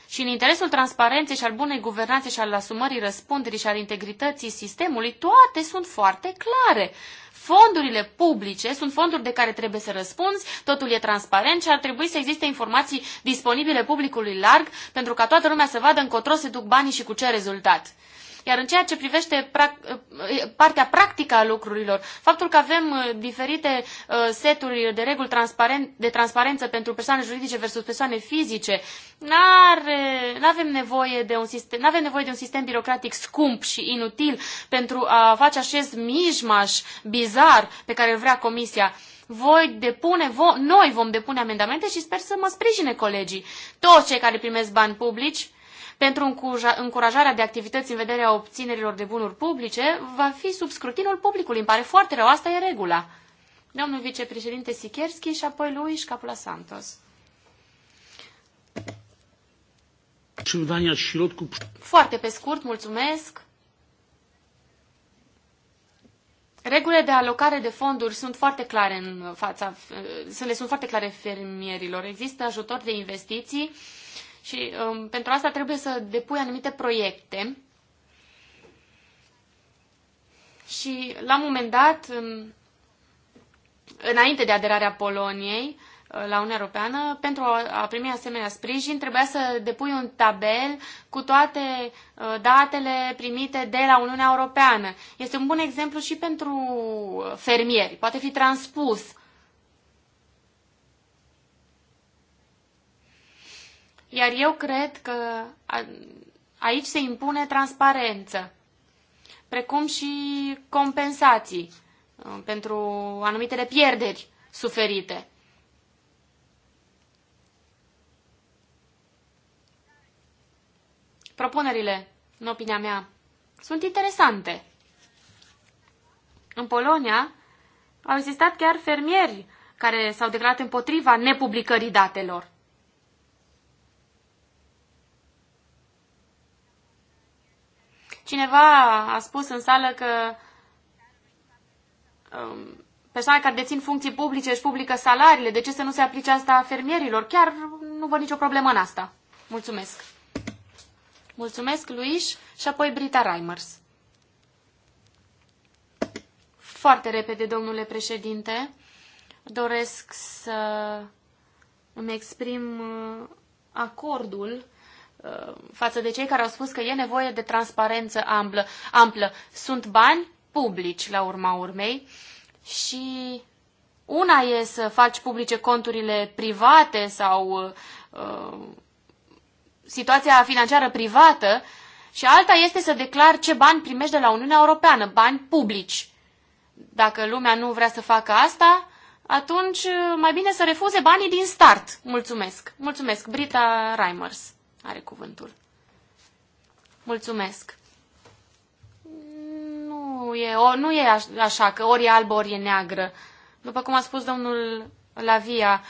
Și în interesul transparenței și al bunei guvernanțe și al asumării răspunderii și al integrității sistemului, toate sunt foarte clare. Fondurile publice sunt fonduri de care trebuie să răspunzi, totul e transparent și ar trebui să existe informații disponibile publicului larg pentru ca toată lumea să vadă încotro se duc banii și cu ce rezultat. Iar în ceea ce privește partea practică a lucrurilor, faptul că avem uh, diferite uh, seturi de reguli de transparență pentru persoane juridice versus persoane fizice, nu avem nevoie de un sistem, avem nevoie de un sistem birocratic scump și inutil pentru a face acest mijmaș bizar pe care îl vrea Comisia voi depune, vo, noi vom depune amendamente și sper să mă sprijine colegii. Toți cei care primesc bani publici pentru încurajarea de activități în vederea obținerilor de bunuri publice va fi sub scrutinul publicului. Îmi pare foarte rău, asta e regula. Domnul vicepreședinte Sikerski și apoi Luis Capula Santos. Foarte pe scurt, mulțumesc. Regulile de alocare de fonduri sunt foarte clare în fața, le sunt foarte clare fermierilor. Există ajutor de investiții și um, pentru asta trebuie să depui anumite proiecte. Și la un moment dat, în, um, înainte de aderarea Poloniei uh, la Uniunea Europeană, pentru a primi asemenea sprijin, trebuia să depui un tabel cu toate uh, datele primite de la Uniunea Europeană. Este un bun exemplu și pentru uh, fermieri. Poate fi transpus Iar eu cred că aici se impune transparență, precum și compensații uh, pentru anumitele pierderi suferite. Propunerile, în opinia mea, sunt interesante. În Polonia au existat chiar fermieri care s-au declarat împotriva nepublicării datelor. Cineva a spus în sală că um, persoane care dețin funcții publice își publică salariile. De ce să nu se aplice asta fermierilor? Chiar nu văd nicio problemă în asta. Mulțumesc. Mulțumesc, Luis, și apoi Brita Reimers. Foarte repede, domnule președinte, doresc să îmi exprim uh, acordul Uh, față de cei care au spus că e nevoie de transparență amplă. amplă. Sunt bani publici, la urma urmei, și una e să faci publice conturile private sau uh, situația financiară privată și alta este să declar ce bani primești de la Uniunea Europeană, bani publici. Dacă lumea nu vrea să facă asta, atunci uh, mai bine să refuze banii din start. Mulțumesc. Mulțumesc, Brita Reimers are cuvântul. Mulțumesc. Nu e, o, nu e așa că ori e albă, ori e neagră. După cum a spus domnul Lavia,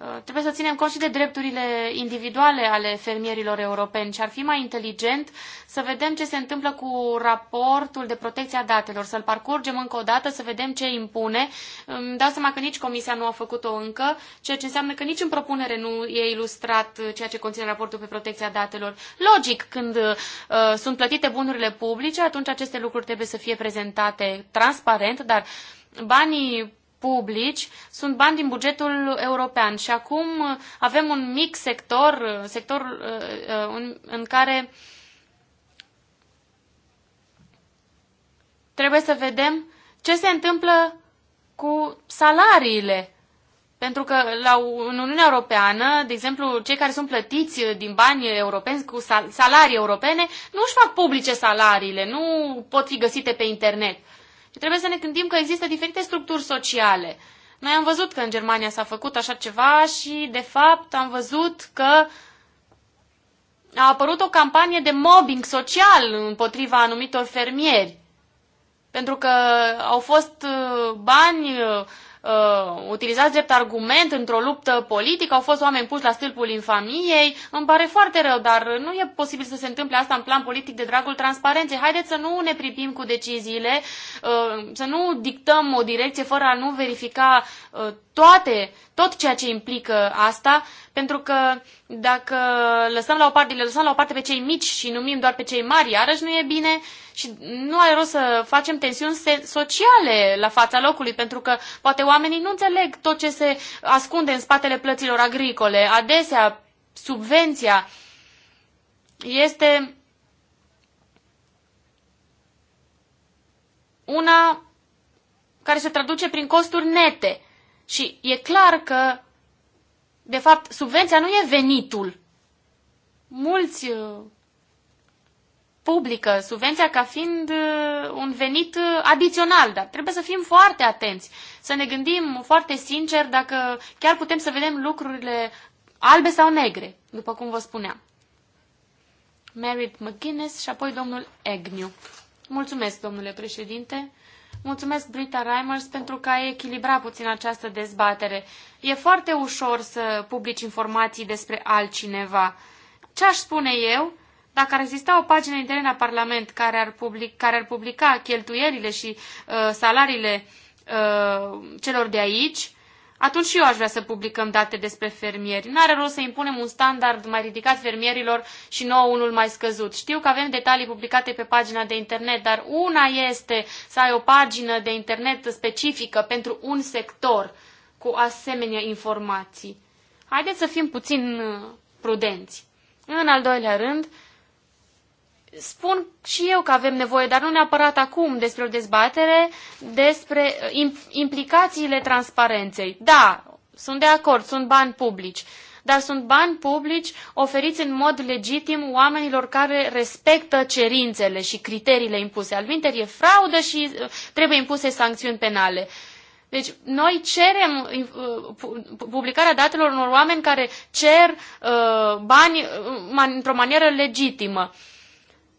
Uh, trebuie să ținem cont și de drepturile individuale ale fermierilor europeni și ar fi mai inteligent să vedem ce se întâmplă cu raportul de protecție a datelor, să-l parcurgem încă o dată, să vedem ce impune. Îmi dau seama că nici Comisia nu a făcut-o încă, ceea ce înseamnă că nici în propunere nu e ilustrat ceea ce conține raportul pe protecția datelor. Logic, când uh, sunt plătite bunurile publice, atunci aceste lucruri trebuie să fie prezentate transparent, dar banii publici sunt bani din bugetul european și acum uh, avem un mic sector, uh, sector uh, în care trebuie să vedem ce se întâmplă cu salariile. Pentru că la, în Uniunea Europeană, de exemplu, cei care sunt plătiți din bani europeni cu salarii europene nu își fac publice salariile, nu pot fi găsite pe internet. Uh, Trebuie să ne gândim că există diferite structuri sociale. Noi am văzut că în Germania s-a făcut așa ceva și, de fapt, am văzut că a apărut o campanie de mobbing social împotriva anumitor fermieri. Pentru că au fost uh, bani uh, uh, utilizați drept argument într-o luptă politică, au fost oameni puși la stâlpul infamiei. Îmi pare foarte rău, dar nu e posibil să se întâmple asta în plan politic de dragul transparenței. Haideți să nu ne pripim cu deciziile, uh, să nu dictăm o direcție fără a nu verifica uh, toate, tot ceea ce implică asta, pentru că dacă lăsăm la o parte, le lăsăm la o parte pe cei mici și numim doar pe cei mari, iarăși nu e bine. Uh, și nu are rost să facem tensiuni sociale la fața locului, pentru că poate oamenii nu înțeleg tot ce se ascunde în spatele plăților agricole. Adesea, subvenția este una care se traduce prin costuri nete. Și e clar că, de fapt, subvenția nu e venitul. Mulți uh, publică, subvenția ca fiind uh, un venit uh, adițional, dar trebuie să fim foarte atenți, să ne gândim foarte sincer dacă chiar putem să vedem lucrurile albe sau negre, după cum vă spuneam. Merit McGuinness și apoi domnul Agnew. Mulțumesc, domnule președinte. Mulțumesc, Brita Reimers, pentru că ai echilibrat puțin această dezbatere. E foarte ușor să publici informații despre altcineva. Ce aș spune eu dacă ar exista o pagină internă a Parlament care ar, public, care ar publica cheltuielile și uh, salariile uh, celor de aici, atunci și eu aș vrea să publicăm date despre fermieri. N-are rost să impunem un standard mai ridicat fermierilor și nouă unul mai scăzut. Știu că avem detalii publicate pe pagina de internet, dar una este să ai o pagină de internet specifică pentru un sector cu asemenea informații. Haideți să fim puțin uh, prudenți. În al doilea rând, spun și eu că avem nevoie, dar nu neapărat acum, despre o dezbatere, despre uh, implicațiile transparenței. Da, sunt de acord, sunt bani publici, dar sunt bani publici oferiți în mod legitim oamenilor care respectă cerințele și criteriile impuse. Alvinter e fraudă și uh, trebuie impuse sancțiuni penale. Deci noi cerem uh, publicarea datelor unor oameni care cer bani într-o manieră legitimă.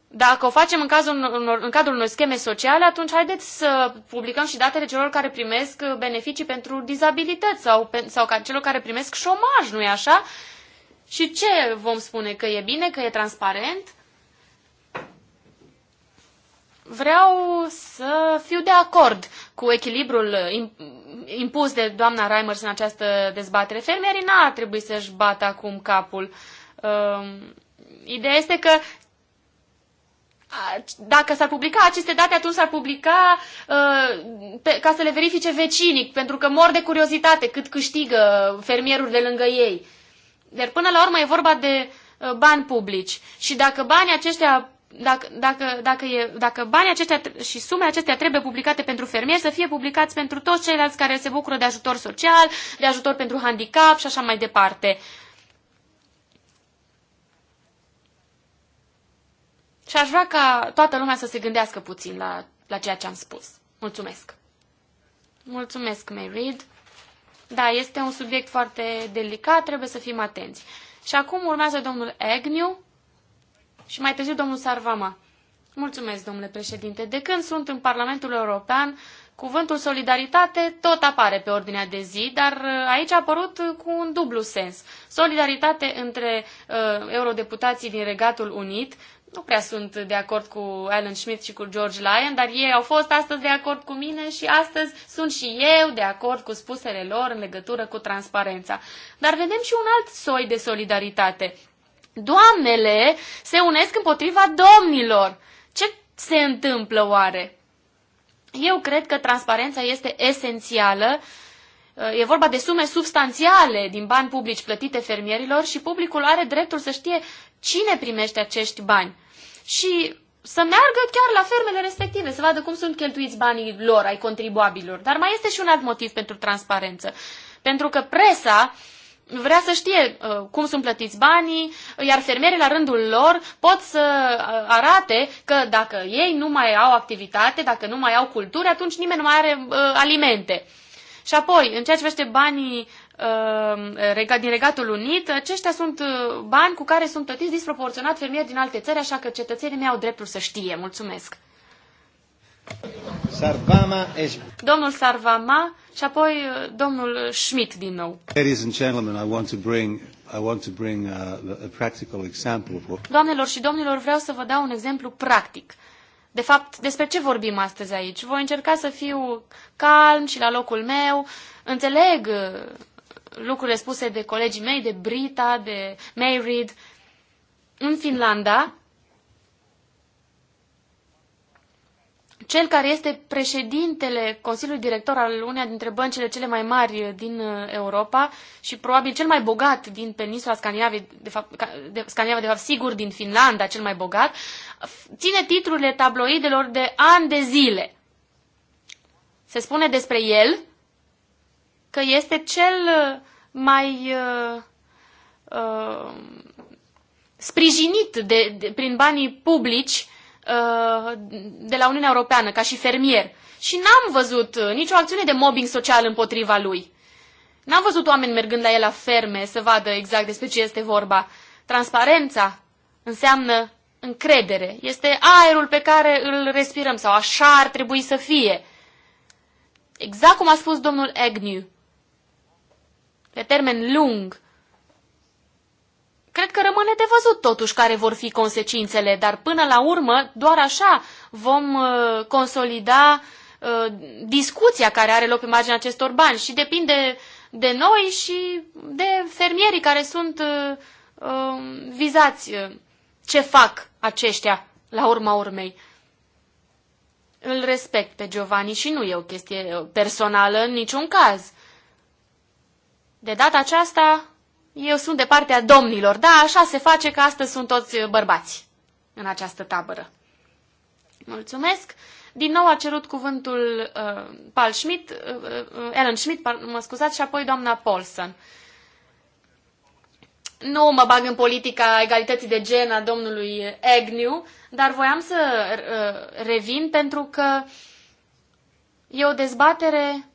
Dacă o facem în, cazul unor, în cadrul unor scheme sociale, atunci haideți să publicăm și datele celor care primesc uh, beneficii pentru dizabilități sau, sau celor care primesc șomaj, nu-i așa? Și ce vom spune? Că e bine, că e transparent? Vreau să fiu de acord cu echilibrul uh, impus de doamna Reimers în această dezbatere. Fermierii n-ar trebui să-și bată acum capul. Um, ideea este că dacă s-ar publica aceste date, atunci s-ar publica uh, pe, ca să le verifice vecinii, pentru că mor de curiozitate cât câștigă fermierul de lângă ei. Dar până la urmă e vorba de uh, bani publici. Și dacă banii aceștia dacă, dacă, dacă, e, dacă banii aceștia și sumele acestea trebuie publicate pentru fermieri, să fie publicați pentru toți ceilalți care se bucură de ajutor social, de ajutor pentru handicap și așa mai departe. Uh, Și aș vrea ca toată lumea să se gândească puțin la, la ceea ce am spus. Mulțumesc! Mulțumesc, May Reed. Da, este un subiect foarte delicat, trebuie să fim atenți. Și acum urmează domnul Agnew și mai târziu domnul Sarvama. Mulțumesc, domnule președinte. De când sunt în Parlamentul European, cuvântul solidaritate tot apare pe ordinea de zi, dar uh, aici a apărut cu un dublu sens. Solidaritate între uh, eurodeputații din Regatul Unit, nu prea sunt de acord cu Alan Smith și cu George Lyon, dar ei au fost astăzi de acord cu mine și astăzi sunt și eu de acord cu spusele lor în legătură cu transparența. Dar vedem și un alt soi de solidaritate. Doamnele se unesc împotriva domnilor. Ce se întâmplă oare? Eu cred că transparența este esențială E vorba de sume substanțiale din bani publici plătite fermierilor și publicul are dreptul să știe cine primește acești bani și să meargă chiar la fermele respective, să vadă cum sunt cheltuiți banii lor, ai contribuabilor. Dar mai este și un alt motiv pentru transparență. Pentru că presa vrea să știe uh, cum sunt plătiți banii, iar fermierii la rândul lor pot să uh, arate că dacă ei nu mai au activitate, dacă nu mai au culturi, atunci nimeni nu mai are uh, alimente. Și apoi, în ceea ce vește banii Um, din Regatul Unit, aceștia sunt uh, bani cu care sunt plătiți disproporționat fermieri din alte țări, așa că cetățenii mei au dreptul să știe. Mulțumesc! Sarvama es... Domnul Sarvama și apoi uh, domnul Schmidt din nou. Uh, Doamnelor și domnilor, vreau să vă dau un exemplu practic. De fapt, despre ce vorbim astăzi aici? Voi încerca să fiu calm și la locul meu. Înțeleg lucrurile spuse de colegii mei, de Brita, de Mayrid. În Finlanda, cel care este președintele Consiliului Director al uneia dintre băncile cele mai mari din uh, Europa și probabil cel mai bogat din peninsula Scandinavie, de fapt, de, Scandinavie, de fapt sigur din Finlanda cel mai bogat, ține titlurile tabloidelor de ani de zile. Se spune despre el că este cel uh, mai uh, uh, sprijinit de, de, prin banii publici uh, de la Uniunea Europeană, ca și fermier. Și n-am văzut uh, nicio acțiune de mobbing social împotriva lui. N-am văzut oameni mergând la el la ferme să vadă exact despre ce este vorba. Transparența înseamnă încredere. Este aerul pe care îl respirăm sau așa ar trebui să fie. Exact cum a spus domnul Agnew pe termen lung, cred că rămâne de văzut totuși care vor fi consecințele, dar până la urmă, doar așa vom uh, consolida uh, discuția care are loc pe marginea acestor bani și depinde de noi și de fermierii care sunt uh, um, vizați ce fac aceștia la urma urmei. Îl respect pe Giovanni și nu e o chestie personală în niciun caz. De data aceasta, eu sunt de partea domnilor. Da, așa se face că astăzi sunt toți bărbați în această tabără. Mulțumesc. Din nou a cerut cuvântul uh, Paul Schmidt, uh, uh, Ellen Schmidt, mă scuzați, și apoi doamna Paulson. Nu mă bag în politica egalității de gen a domnului Agnew, dar voiam să uh, revin pentru că e o dezbatere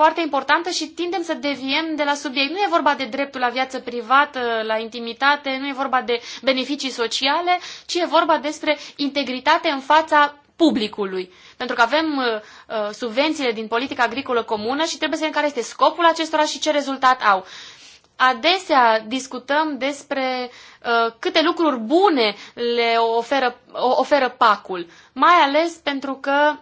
foarte importantă și tindem să deviem de la subiect. Nu e vorba de dreptul la viață privată, la intimitate, nu e vorba de beneficii sociale, ci e vorba despre integritate în fața publicului. Pentru că avem uh, uh subvențiile din politica agricolă comună și trebuie să vedem care este scopul acestora și ce rezultat au adesea discutăm despre uh, câte lucruri bune le oferă, oferă pacul, mai ales pentru că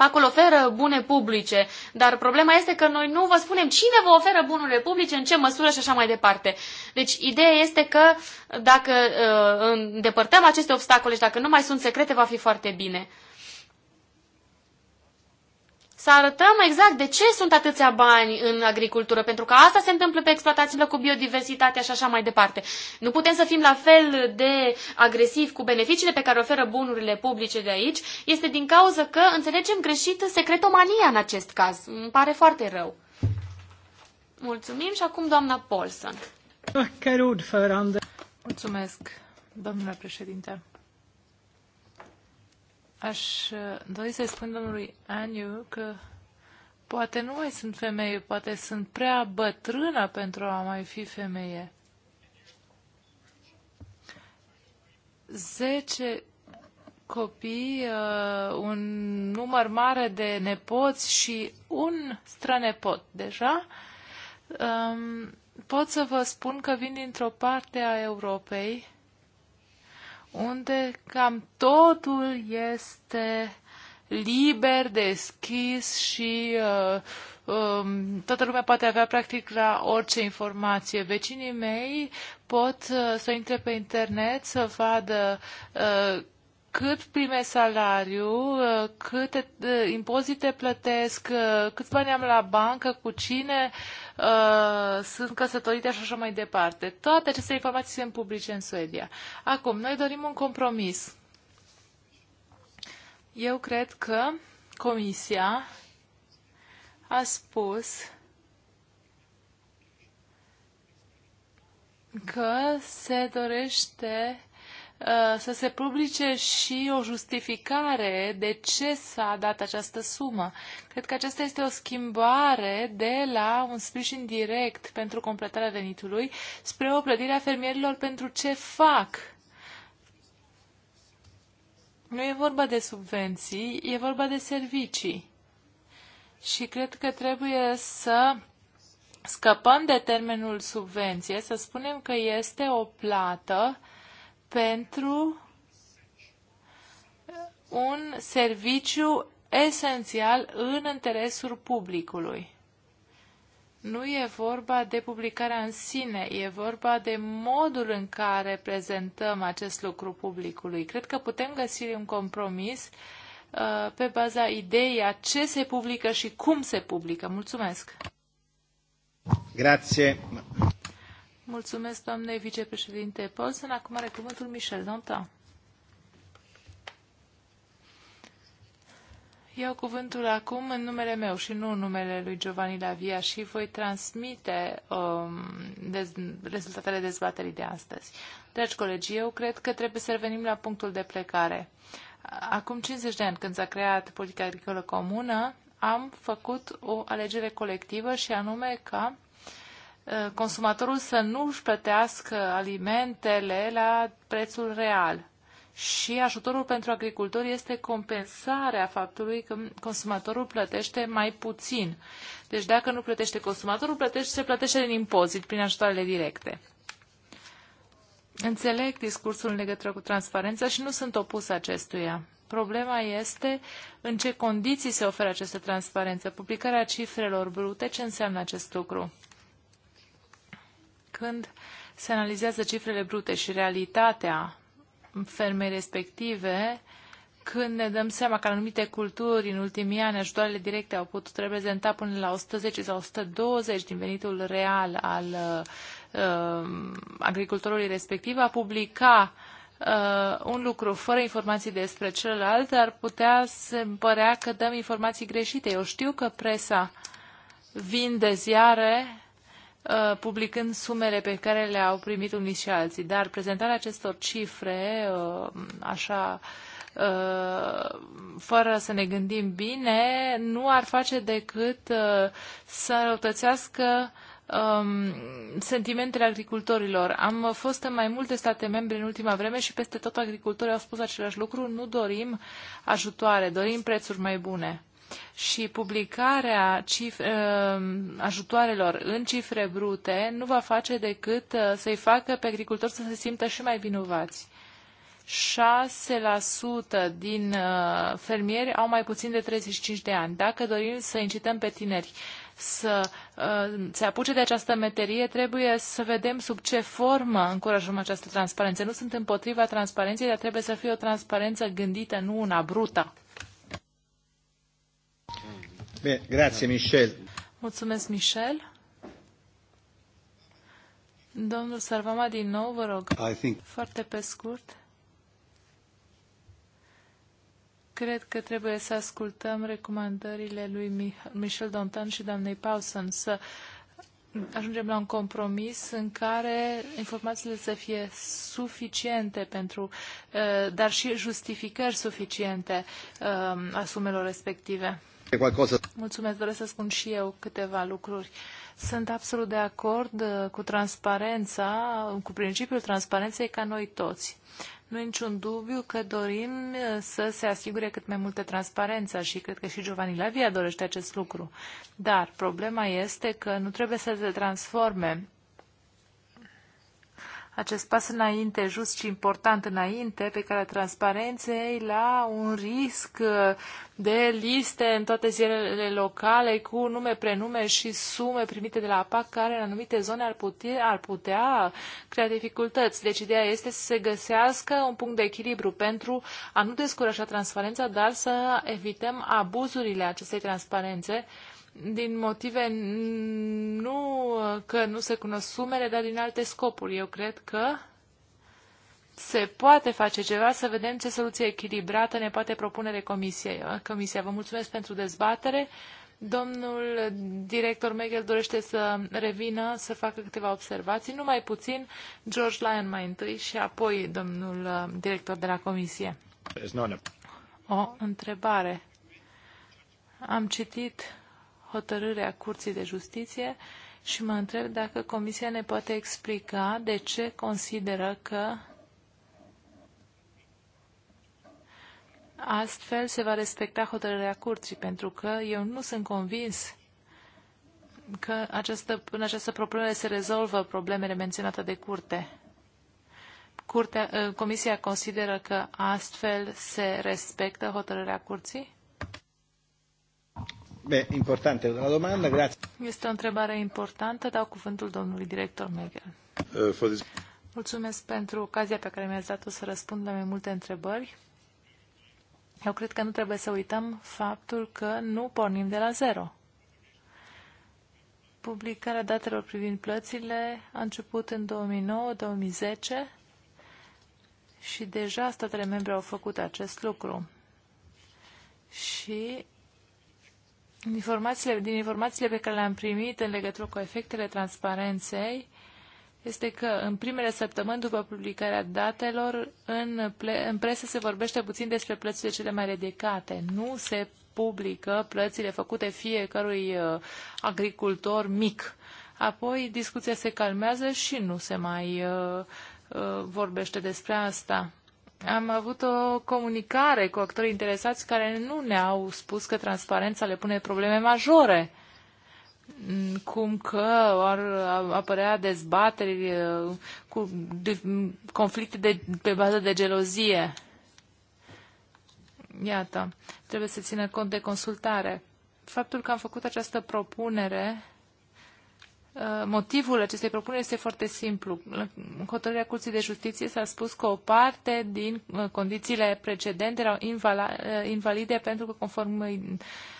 Acolo oferă bune publice, dar problema este că noi nu vă spunem cine vă oferă bunurile publice, în ce măsură și așa mai departe. Deci ideea este că dacă uh, îndepărtăm aceste obstacole și dacă nu mai sunt secrete, va fi foarte bine să arătăm exact de ce sunt atâția bani în agricultură, pentru că asta se întâmplă pe exploatațiile cu biodiversitatea și așa mai departe. Nu putem să fim la fel de agresivi cu beneficiile pe care oferă bunurile publice de aici, este din cauza că înțelegem greșit secretomania în acest caz. Îmi pare foarte rău. Mulțumim și acum doamna Paulson. Mulțumesc, domnule președinte. Aș uh, dori să spun domnului Aniu că poate nu mai sunt femeie, poate sunt prea bătrână pentru a mai fi femeie. Zece copii, uh, un număr mare de nepoți și un strănepot deja, um, pot să vă spun că vin dintr-o parte a Europei unde cam totul este liber, deschis și uh, um, toată lumea poate avea practic la orice informație. Vecinii mei pot uh, să intre pe internet să vadă uh, cât prime salariu, uh, câte uh, impozite plătesc, uh, câți bani am la bancă, cu cine Uh, sunt căsătorite și așa mai departe. Toate aceste informații sunt publice în Suedia. Acum, noi dorim un compromis. Eu cred că Comisia a spus că se dorește Uh, să se publice și o justificare de ce s-a dat această sumă. Cred că aceasta este o schimbare de la un sprijin direct pentru completarea venitului spre o plătire a fermierilor pentru ce fac. Nu e vorba de subvenții, e vorba de servicii. Și cred că trebuie să scăpăm de termenul subvenție, să spunem că este o plată uh, pentru un serviciu esențial în interesul publicului. Nu e vorba de publicarea în sine, e vorba de modul în care prezentăm acest lucru publicului. Cred că putem găsi un compromis uh, pe baza ideii a ce se publică și cum se publică. Mulțumesc! Grazie! Mulțumesc, doamnei vicepreședinte Paulsen. Acum are cuvântul Michel Dantin. Iau cuvântul acum în numele meu și nu în numele lui Giovanni Lavia și voi transmite um, dez, rezultatele dezbaterii de astăzi. Dragi colegi, eu cred că trebuie să revenim la punctul de plecare. Acum 50 de ani, când s-a creat politica agricolă comună, am făcut o alegere colectivă și anume ca Uh, consumatorul să nu își plătească alimentele la prețul real. Și ajutorul pentru agricultori este compensarea faptului că consumatorul plătește mai puțin. Deci dacă nu plătește consumatorul, plătește, se plătește din impozit, prin ajutoarele directe. Înțeleg discursul în legătură cu transparența și nu sunt opus acestuia. Problema este în ce condiții se oferă această transparență, publicarea cifrelor brute, ce înseamnă acest lucru când se analizează cifrele brute și realitatea fermei respective, când ne dăm seama că anumite culturi în ultimii ani ajutoarele directe au putut reprezenta până la 110 sau 120 din venitul real al uh, agricultorului respectiv, a publica uh, un lucru fără informații despre celălalt ar putea să părea că dăm informații greșite. Eu știu că presa vinde ziare Uh, publicând sumele pe care le-au primit unii și alții. Dar prezentarea acestor cifre, uh, așa, uh, fără să ne gândim bine, nu ar face decât să răutățească um, sentimentele agricultorilor. Am fost în mai multe state membre în ultima vreme și peste tot agricultorii au spus același lucru. Nu dorim ajutoare, dorim prețuri mai bune și publicarea cifre, ehm, ajutoarelor în cifre brute nu va face decât eh, să-i facă pe agricultori să se simtă și mai vinovați. 6% din eh, fermieri au mai puțin de 35 de ani. Dacă dorim să incităm pe tineri să eh, se apuce de această meterie, trebuie să vedem sub ce formă încurajăm această transparență. Nu sunt împotriva transparenței, dar trebuie să fie o transparență gândită, nu una brută. Bine, grație, Michel. Mulțumesc, Michel. Domnul Sarvama, din nou, vă rog. I think... Foarte pe scurt. Cred că trebuie să ascultăm recomandările lui Michel Dantan și doamnei Paulson să ajungem la un compromis în care informațiile să fie suficiente pentru, uh, dar și justificări suficiente uh, a sumelor respective. Mulțumesc, doresc să spun și eu câteva lucruri. Sunt absolut de acord uh, cu transparența, uh, cu principiul transparenței ca noi toți. Nu e niciun dubiu că dorim uh, să se asigure cât mai multă transparență și cred că și Giovanni Lavia dorește acest lucru. Dar problema este că nu trebuie să se transforme acest pas înainte, just și important înainte, pe care transparenței, la un risc uh, de liste în toate zilele locale cu nume, prenume și sume primite de la APAC, care în anumite zone ar putea, ar putea crea dificultăți. Deci ideea este să se găsească un punct de echilibru pentru a nu descuraja transparența, dar să evităm abuzurile acestei transparențe din motive nu că nu se cunosc sumele, dar din alte scopuri. Eu cred că se poate face ceva, să vedem ce soluție echilibrată ne poate propune comisia. comisia. Vă mulțumesc pentru dezbatere. Domnul director Megel dorește să revină, să facă câteva observații, numai puțin George Lyon mai întâi și apoi domnul uh, director de la comisie. O întrebare. Am citit hotărârea Curții de Justiție și mă întreb dacă Comisia ne poate explica de ce consideră că astfel se va respecta hotărârea Curții, pentru că eu nu sunt convins că această, în această problemă se rezolvă problemele menționate de curte. Curtea, eh, Comisia consideră că astfel se respectă hotărârea curții? la domanda, grazie. Este o întrebare importantă, dau cuvântul domnului director Megel. Eh, Mulțumesc pentru ocazia pe care mi-ați dat-o să răspund la mai multe întrebări. Eu cred că nu trebuie să uităm faptul că nu pornim de la zero. Publicarea datelor privind plățile a început în 2009-2010 și deja statele membre au făcut acest lucru. Și informațiile, din informațiile pe care le-am primit în legătură cu efectele transparenței, este că în primele săptămâni după publicarea datelor, în, ple- în presă se vorbește puțin despre plățile cele mai ridicate. Nu se publică plățile făcute fiecărui uh, agricultor mic. Apoi discuția se calmează și nu se mai uh, uh, vorbește despre asta am avut o comunicare cu actorii interesați care nu ne-au spus că transparența le pune probleme majore. Mm, cum că ar apărea dezbateri cu conflicte de, pe bază de gelozie. Iată, trebuie să țină cont de consultare. Faptul că am făcut această propunere Uh, motivul acestei propuneri este foarte simplu. În hotărârea Curții de Justiție s-a spus că o parte din uh, condițiile precedente erau uh, invalide pentru că, conform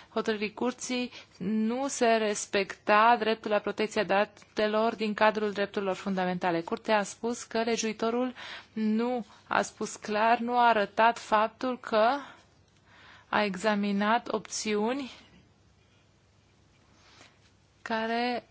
hotărârii curții nu se respecta dreptul la protecția datelor din cadrul drepturilor fundamentale. Curtea a spus că legiuitorul nu a spus clar, nu a arătat faptul că a examinat opțiuni care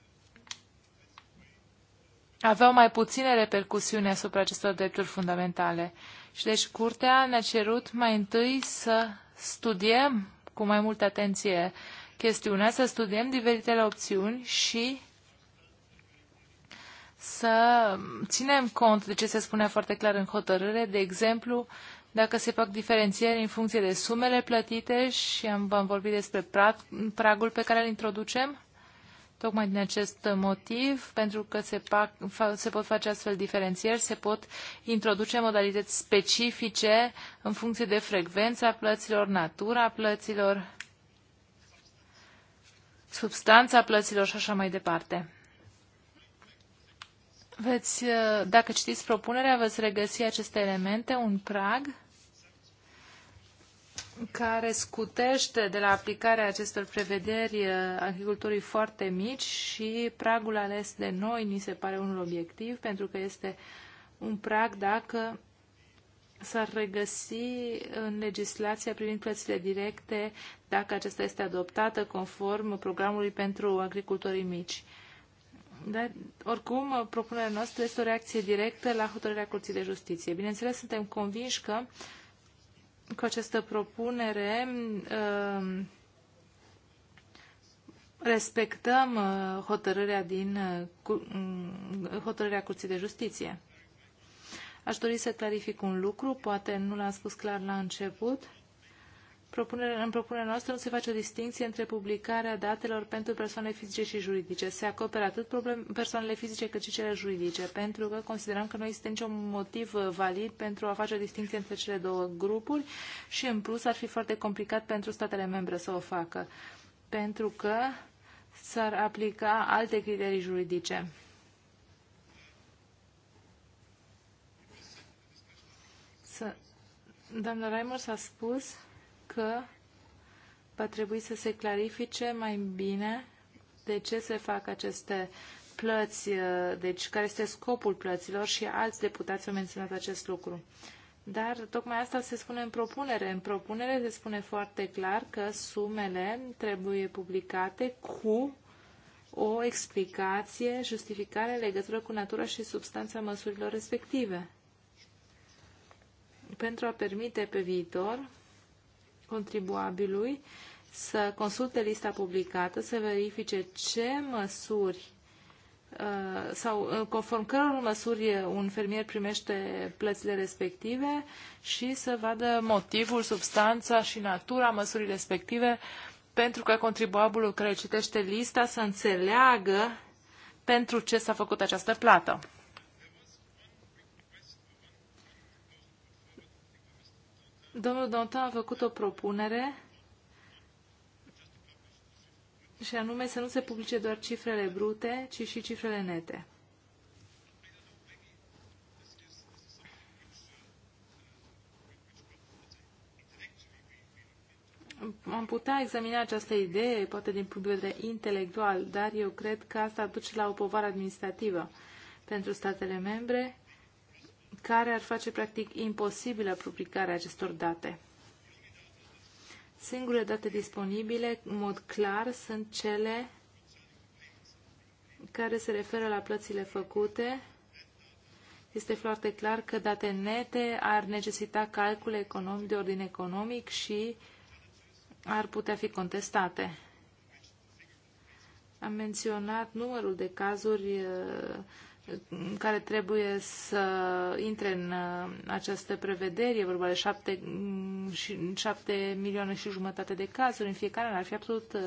aveau mai puține repercusiuni asupra acestor drepturi fundamentale. Și deci curtea ne-a cerut mai întâi să studiem cu mai multă atenție chestiunea, să studiem diferitele opțiuni și să ținem cont de ce se spunea foarte clar în hotărâre, de exemplu, dacă se fac diferențieri în funcție de sumele plătite și am, am vorbit despre pragul pe care îl introducem, Tocmai din acest motiv, pentru că se, pac, se pot face astfel diferențieri, se pot introduce modalități specifice în funcție de frecvența plăților, natura plăților, substanța plăților și așa mai departe. Veți, dacă citiți propunerea, veți regăsi aceste elemente, un prag care scutește de la aplicarea acestor prevederi uh, agricultorii foarte mici și pragul ales de noi ni se pare unul obiectiv pentru că este un prag dacă s-ar regăsi în legislația privind plățile directe dacă acesta este adoptată conform programului pentru agricultorii mici. Dar, oricum, propunerea noastră este o reacție directă la hotărârea Curții de Justiție. Bineînțeles, suntem convinși că cu această propunere um, respectăm uh, hotărârea din uh, mm, hotărârea Curții de Justiție. Aș dori să clarific un lucru, poate nu l-am spus clar la început propunere, în propunerea noastră nu se face o distinție între publicarea datelor pentru persoane fizice și juridice. Se acoperă atât problem, persoanele fizice cât și cele juridice, pentru că considerăm că nu există niciun motiv uh, valid pentru a face o distinție între cele două grupuri și, în plus, ar fi foarte complicat pentru statele membre să o facă, pentru că s-ar aplica alte criterii juridice. Să... Doamna Reimers a spus că va trebui să se clarifice mai bine de ce se fac aceste plăți, uh, deci care este scopul plăților și alți deputați au menționat acest lucru. Dar tocmai asta se spune în propunere. În propunere se spune foarte clar că sumele trebuie publicate cu o explicație, justificare în legătură cu natura și substanța măsurilor respective. Pentru a permite pe viitor contribuabilului să consulte lista publicată, să verifice ce măsuri uh, sau uh, conform căror măsuri un fermier primește plățile respective și să vadă motivul, substanța și natura măsurii respective pentru ca contribuabilul care citește lista să înțeleagă pentru ce s-a făcut această plată. Domnul Dantan a făcut o propunere și anume să nu se publice doar cifrele brute, ci și cifrele nete. Am putea examina această idee, poate din punct de vedere intelectual, dar eu cred că asta duce la o povară administrativă pentru statele membre care ar face practic imposibilă publicarea acestor date. Singurele date disponibile, în mod clar, sunt cele care se referă la plățile făcute. Este foarte clar că date nete ar necesita calcule economic de ordin economic și ar putea fi contestate. Am menționat numărul de cazuri uh, care trebuie să intre în uh, această prevedere. E vorba de șapte, mm, șapte milioane și jumătate de cazuri în fiecare an. Ar fi absolut uh,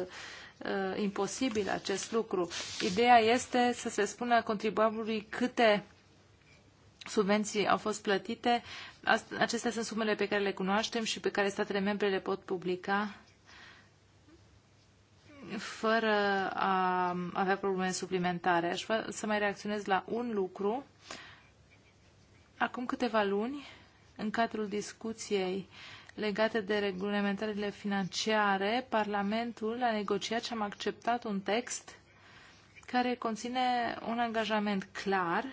uh, imposibil acest lucru. Ideea este să se spună contribuabilului câte subvenții au fost plătite. Acestea sunt sumele pe care le cunoaștem și pe care statele membre le pot publica fără a avea probleme suplimentare. Aș vrea să mai reacționez la un lucru. Acum câteva luni, în cadrul discuției legate de regulamentările financiare, Parlamentul a negociat și am acceptat un text care conține un angajament clar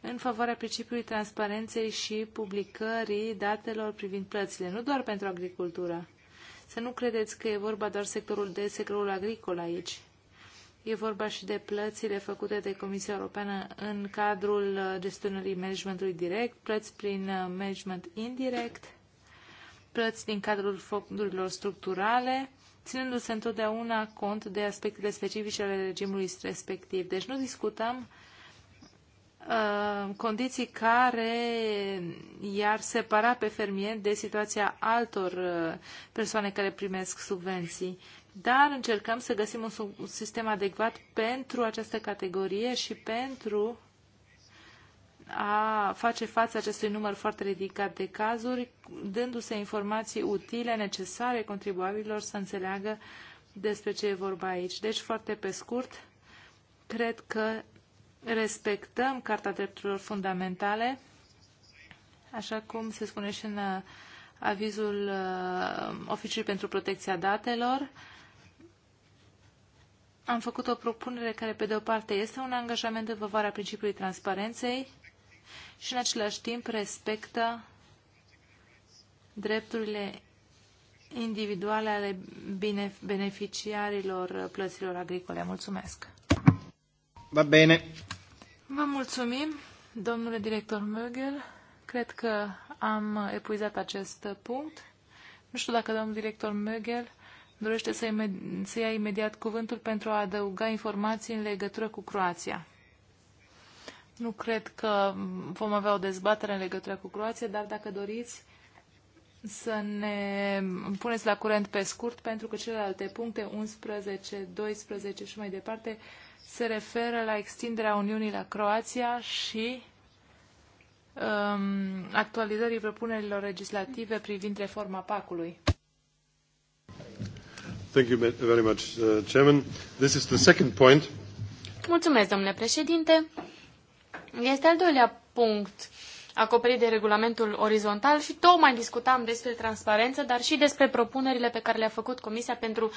în favoarea principiului transparenței și publicării datelor privind plățile, nu doar pentru agricultură, să nu credeți că e vorba doar sectorul de sectorul agricol aici. E vorba și de plățile făcute de Comisia Europeană în cadrul uh, gestionării managementului direct, plăți prin uh, management indirect, plăți din cadrul fondurilor structurale, ținându-se întotdeauna cont de aspectele specifice ale regimului respectiv. Deci nu discutăm Uh, condiții care i-ar separa pe fermieri de situația altor uh, persoane care primesc subvenții. Dar încercăm să găsim un sistem adecvat pentru această categorie și pentru a face față acestui număr foarte ridicat de cazuri, dându-se informații utile, necesare contribuabililor să înțeleagă despre ce e vorba aici. Deci, foarte pe scurt, cred că respectăm Carta Drepturilor Fundamentale, așa cum se spune și în uh, avizul uh, Oficiului pentru Protecția Datelor. Am făcut o propunere care, pe de o parte, este un angajament în văvarea principiului transparenței și, în același timp, respectă drepturile individuale ale beneficiarilor plăților agricole. Mulțumesc! Va bene. Vă mulțumim, domnule director Mögel. Cred că am epuizat acest punct. Nu știu dacă domnul director Mögel dorește să, imed- să ia imediat cuvântul pentru a adăuga informații în legătură cu Croația. Nu cred că vom avea o dezbatere în legătură cu Croația, dar dacă doriți să ne puneți la curent pe scurt, pentru că celelalte puncte, 11, 12 și mai departe, se referă la extinderea Uniunii la Croația și um, actualizării propunerilor legislative privind reforma PAC-ului. Thank you very much, uh, Chairman. This is the second point. Mulțumesc, domnule președinte. Este al doilea punct uh, acoperit de regulamentul orizontal și tocmai discutam despre transparență, dar și despre propunerile pe care le-a făcut Comisia pentru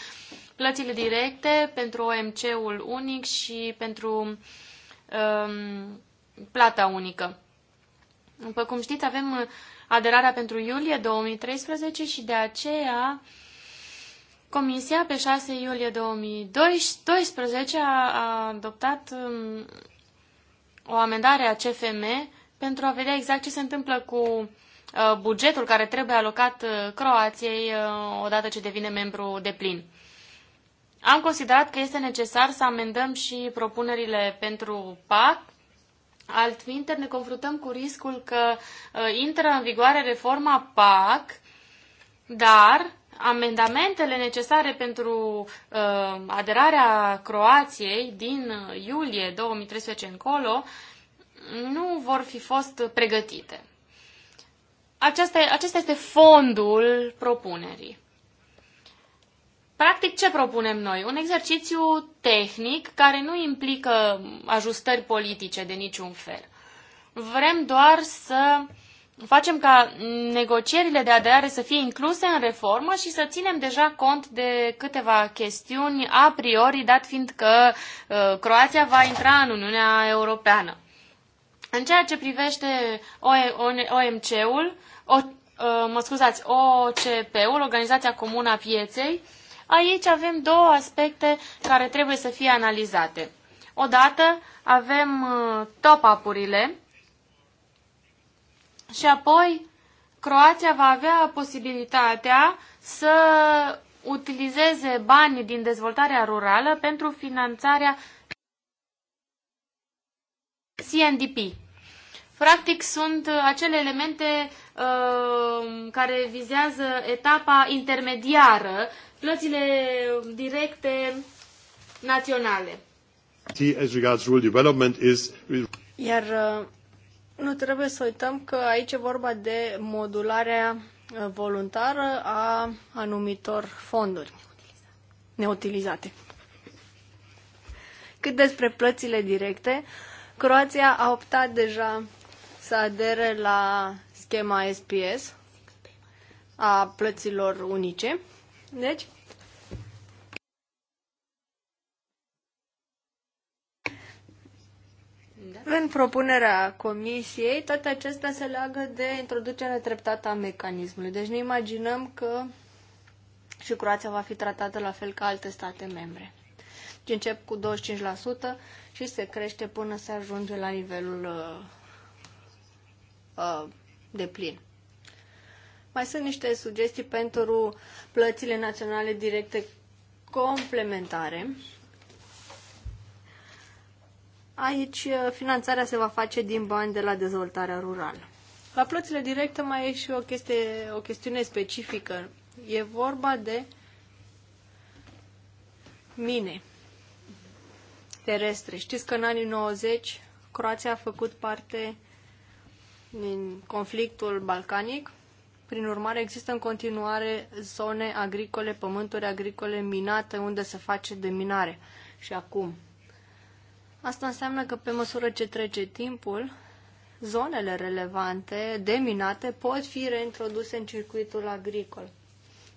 plățile directe, pentru OMC-ul unic și pentru um, plata unică. După cum știți, avem aderarea pentru iulie 2013 și de aceea Comisia pe 6 iulie 2012 a adoptat um, o amendare a CFM pentru a vedea exact ce se întâmplă cu uh, bugetul care trebuie alocat uh, Croației uh, odată ce devine membru de plin. Am considerat că este necesar să amendăm și propunerile pentru PAC, altminteri ne confruntăm cu riscul că intră în vigoare reforma PAC, dar amendamentele necesare pentru aderarea Croației din iulie 2013 încolo nu vor fi fost pregătite. Aceasta, acesta este fondul propunerii. Practic, ce propunem noi? Un exercițiu tehnic care nu implică ajustări politice de niciun fel. Vrem doar să facem ca negocierile de aderare să fie incluse în reformă și să ținem deja cont de câteva chestiuni a priori, dat fiind că uh, Croația va intra în Uniunea Europeană. În ceea ce privește OMC-ul, uh, mă scuzați, OCP-ul, Organizația Comună a Pieței, aici avem două aspecte care trebuie să fie analizate. Odată avem uh, top-up-urile și apoi Croația va avea posibilitatea să utilizeze banii din dezvoltarea rurală pentru finanțarea uh, CNDP. Practic sunt uh, acele elemente uh, care vizează etapa intermediară, plățile directe naționale. As regards rural development is... Iar uh, nu trebuie să uităm că aici e vorba de modularea uh, voluntară a anumitor fonduri neutilizate. Cât despre plățile directe, uh, Croația a optat deja să adere la schema SPS a plăților unice. Deci, În propunerea comisiei, toate acestea se leagă de introducerea treptată a mecanismului. Deci ne imaginăm că și Croația va fi tratată la fel ca alte state membre. Deci încep cu 25% și se crește până se ajunge la nivelul uh, uh, de plin. Mai sunt niște sugestii pentru plățile naționale directe complementare. Aici uh, finanțarea se va face din bani de la dezvoltarea rurală. La plățile directe mai e și o, chestie, o chestiune specifică. E vorba de mine terestre. Știți că în anii 90 Croația a făcut parte din conflictul balcanic. Prin urmare, există în continuare zone agricole, pământuri agricole minate unde se face deminare și acum. Asta înseamnă că pe măsură ce trece timpul, zonele relevante deminate pot fi reintroduse în circuitul agricol.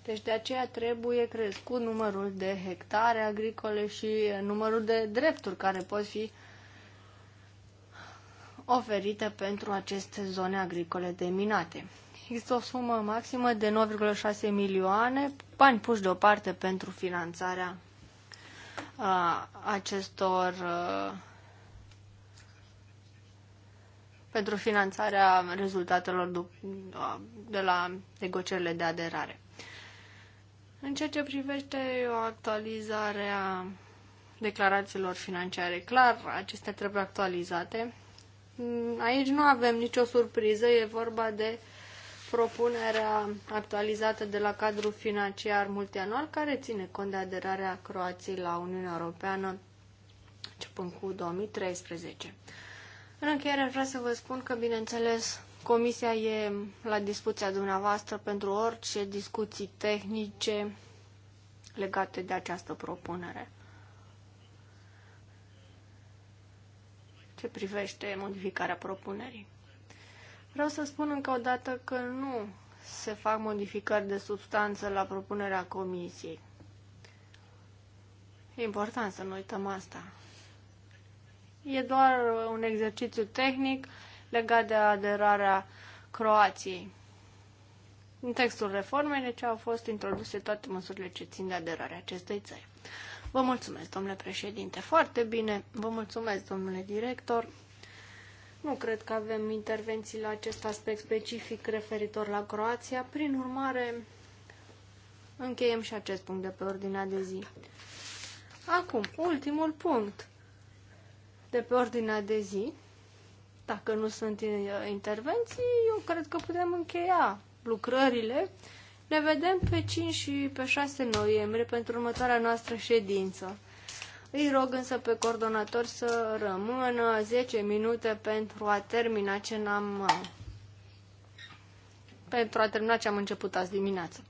Deci de aceea trebuie crescut numărul de hectare agricole și numărul de drepturi care pot fi oferite pentru aceste zone agricole deminate. Există o sumă maximă de 9,6 milioane, bani puși deoparte pentru finanțarea a, acestor a, pentru finanțarea rezultatelor de la negocierile de aderare. În ceea ce privește o actualizare a declarațiilor financiare, clar, acestea trebuie actualizate. Aici nu avem nicio surpriză, e vorba de propunerea actualizată de la cadrul financiar multianual care ține cont de aderarea Croației la Uniunea Europeană începând cu 2013. În încheiere vreau să vă spun că, bineînțeles, Comisia e la dispoziția dumneavoastră pentru orice discuții tehnice legate de această propunere. Ce privește modificarea propunerii. Vreau să spun încă o dată că nu se fac modificări de substanță la propunerea comisiei. E important să nu uităm asta. E doar un exercițiu tehnic legat de aderarea Croației. În textul reformei, deci au fost introduse toate măsurile ce țin de aderarea acestei țări. Vă mulțumesc, domnule președinte. Foarte bine. Vă mulțumesc, domnule director. Nu cred că avem intervenții la acest aspect specific referitor la Croația. Prin urmare, încheiem și acest punct de pe ordinea de zi. Acum, ultimul punct de pe ordinea de zi dacă nu sunt uh, intervenții, eu cred că putem încheia lucrările. Ne vedem pe 5 și pe 6 noiembrie pentru următoarea noastră ședință. Îi rog însă pe coordonator să rămână 10 minute pentru a termina ce n-am uh, pentru a termina ce am început azi dimineață.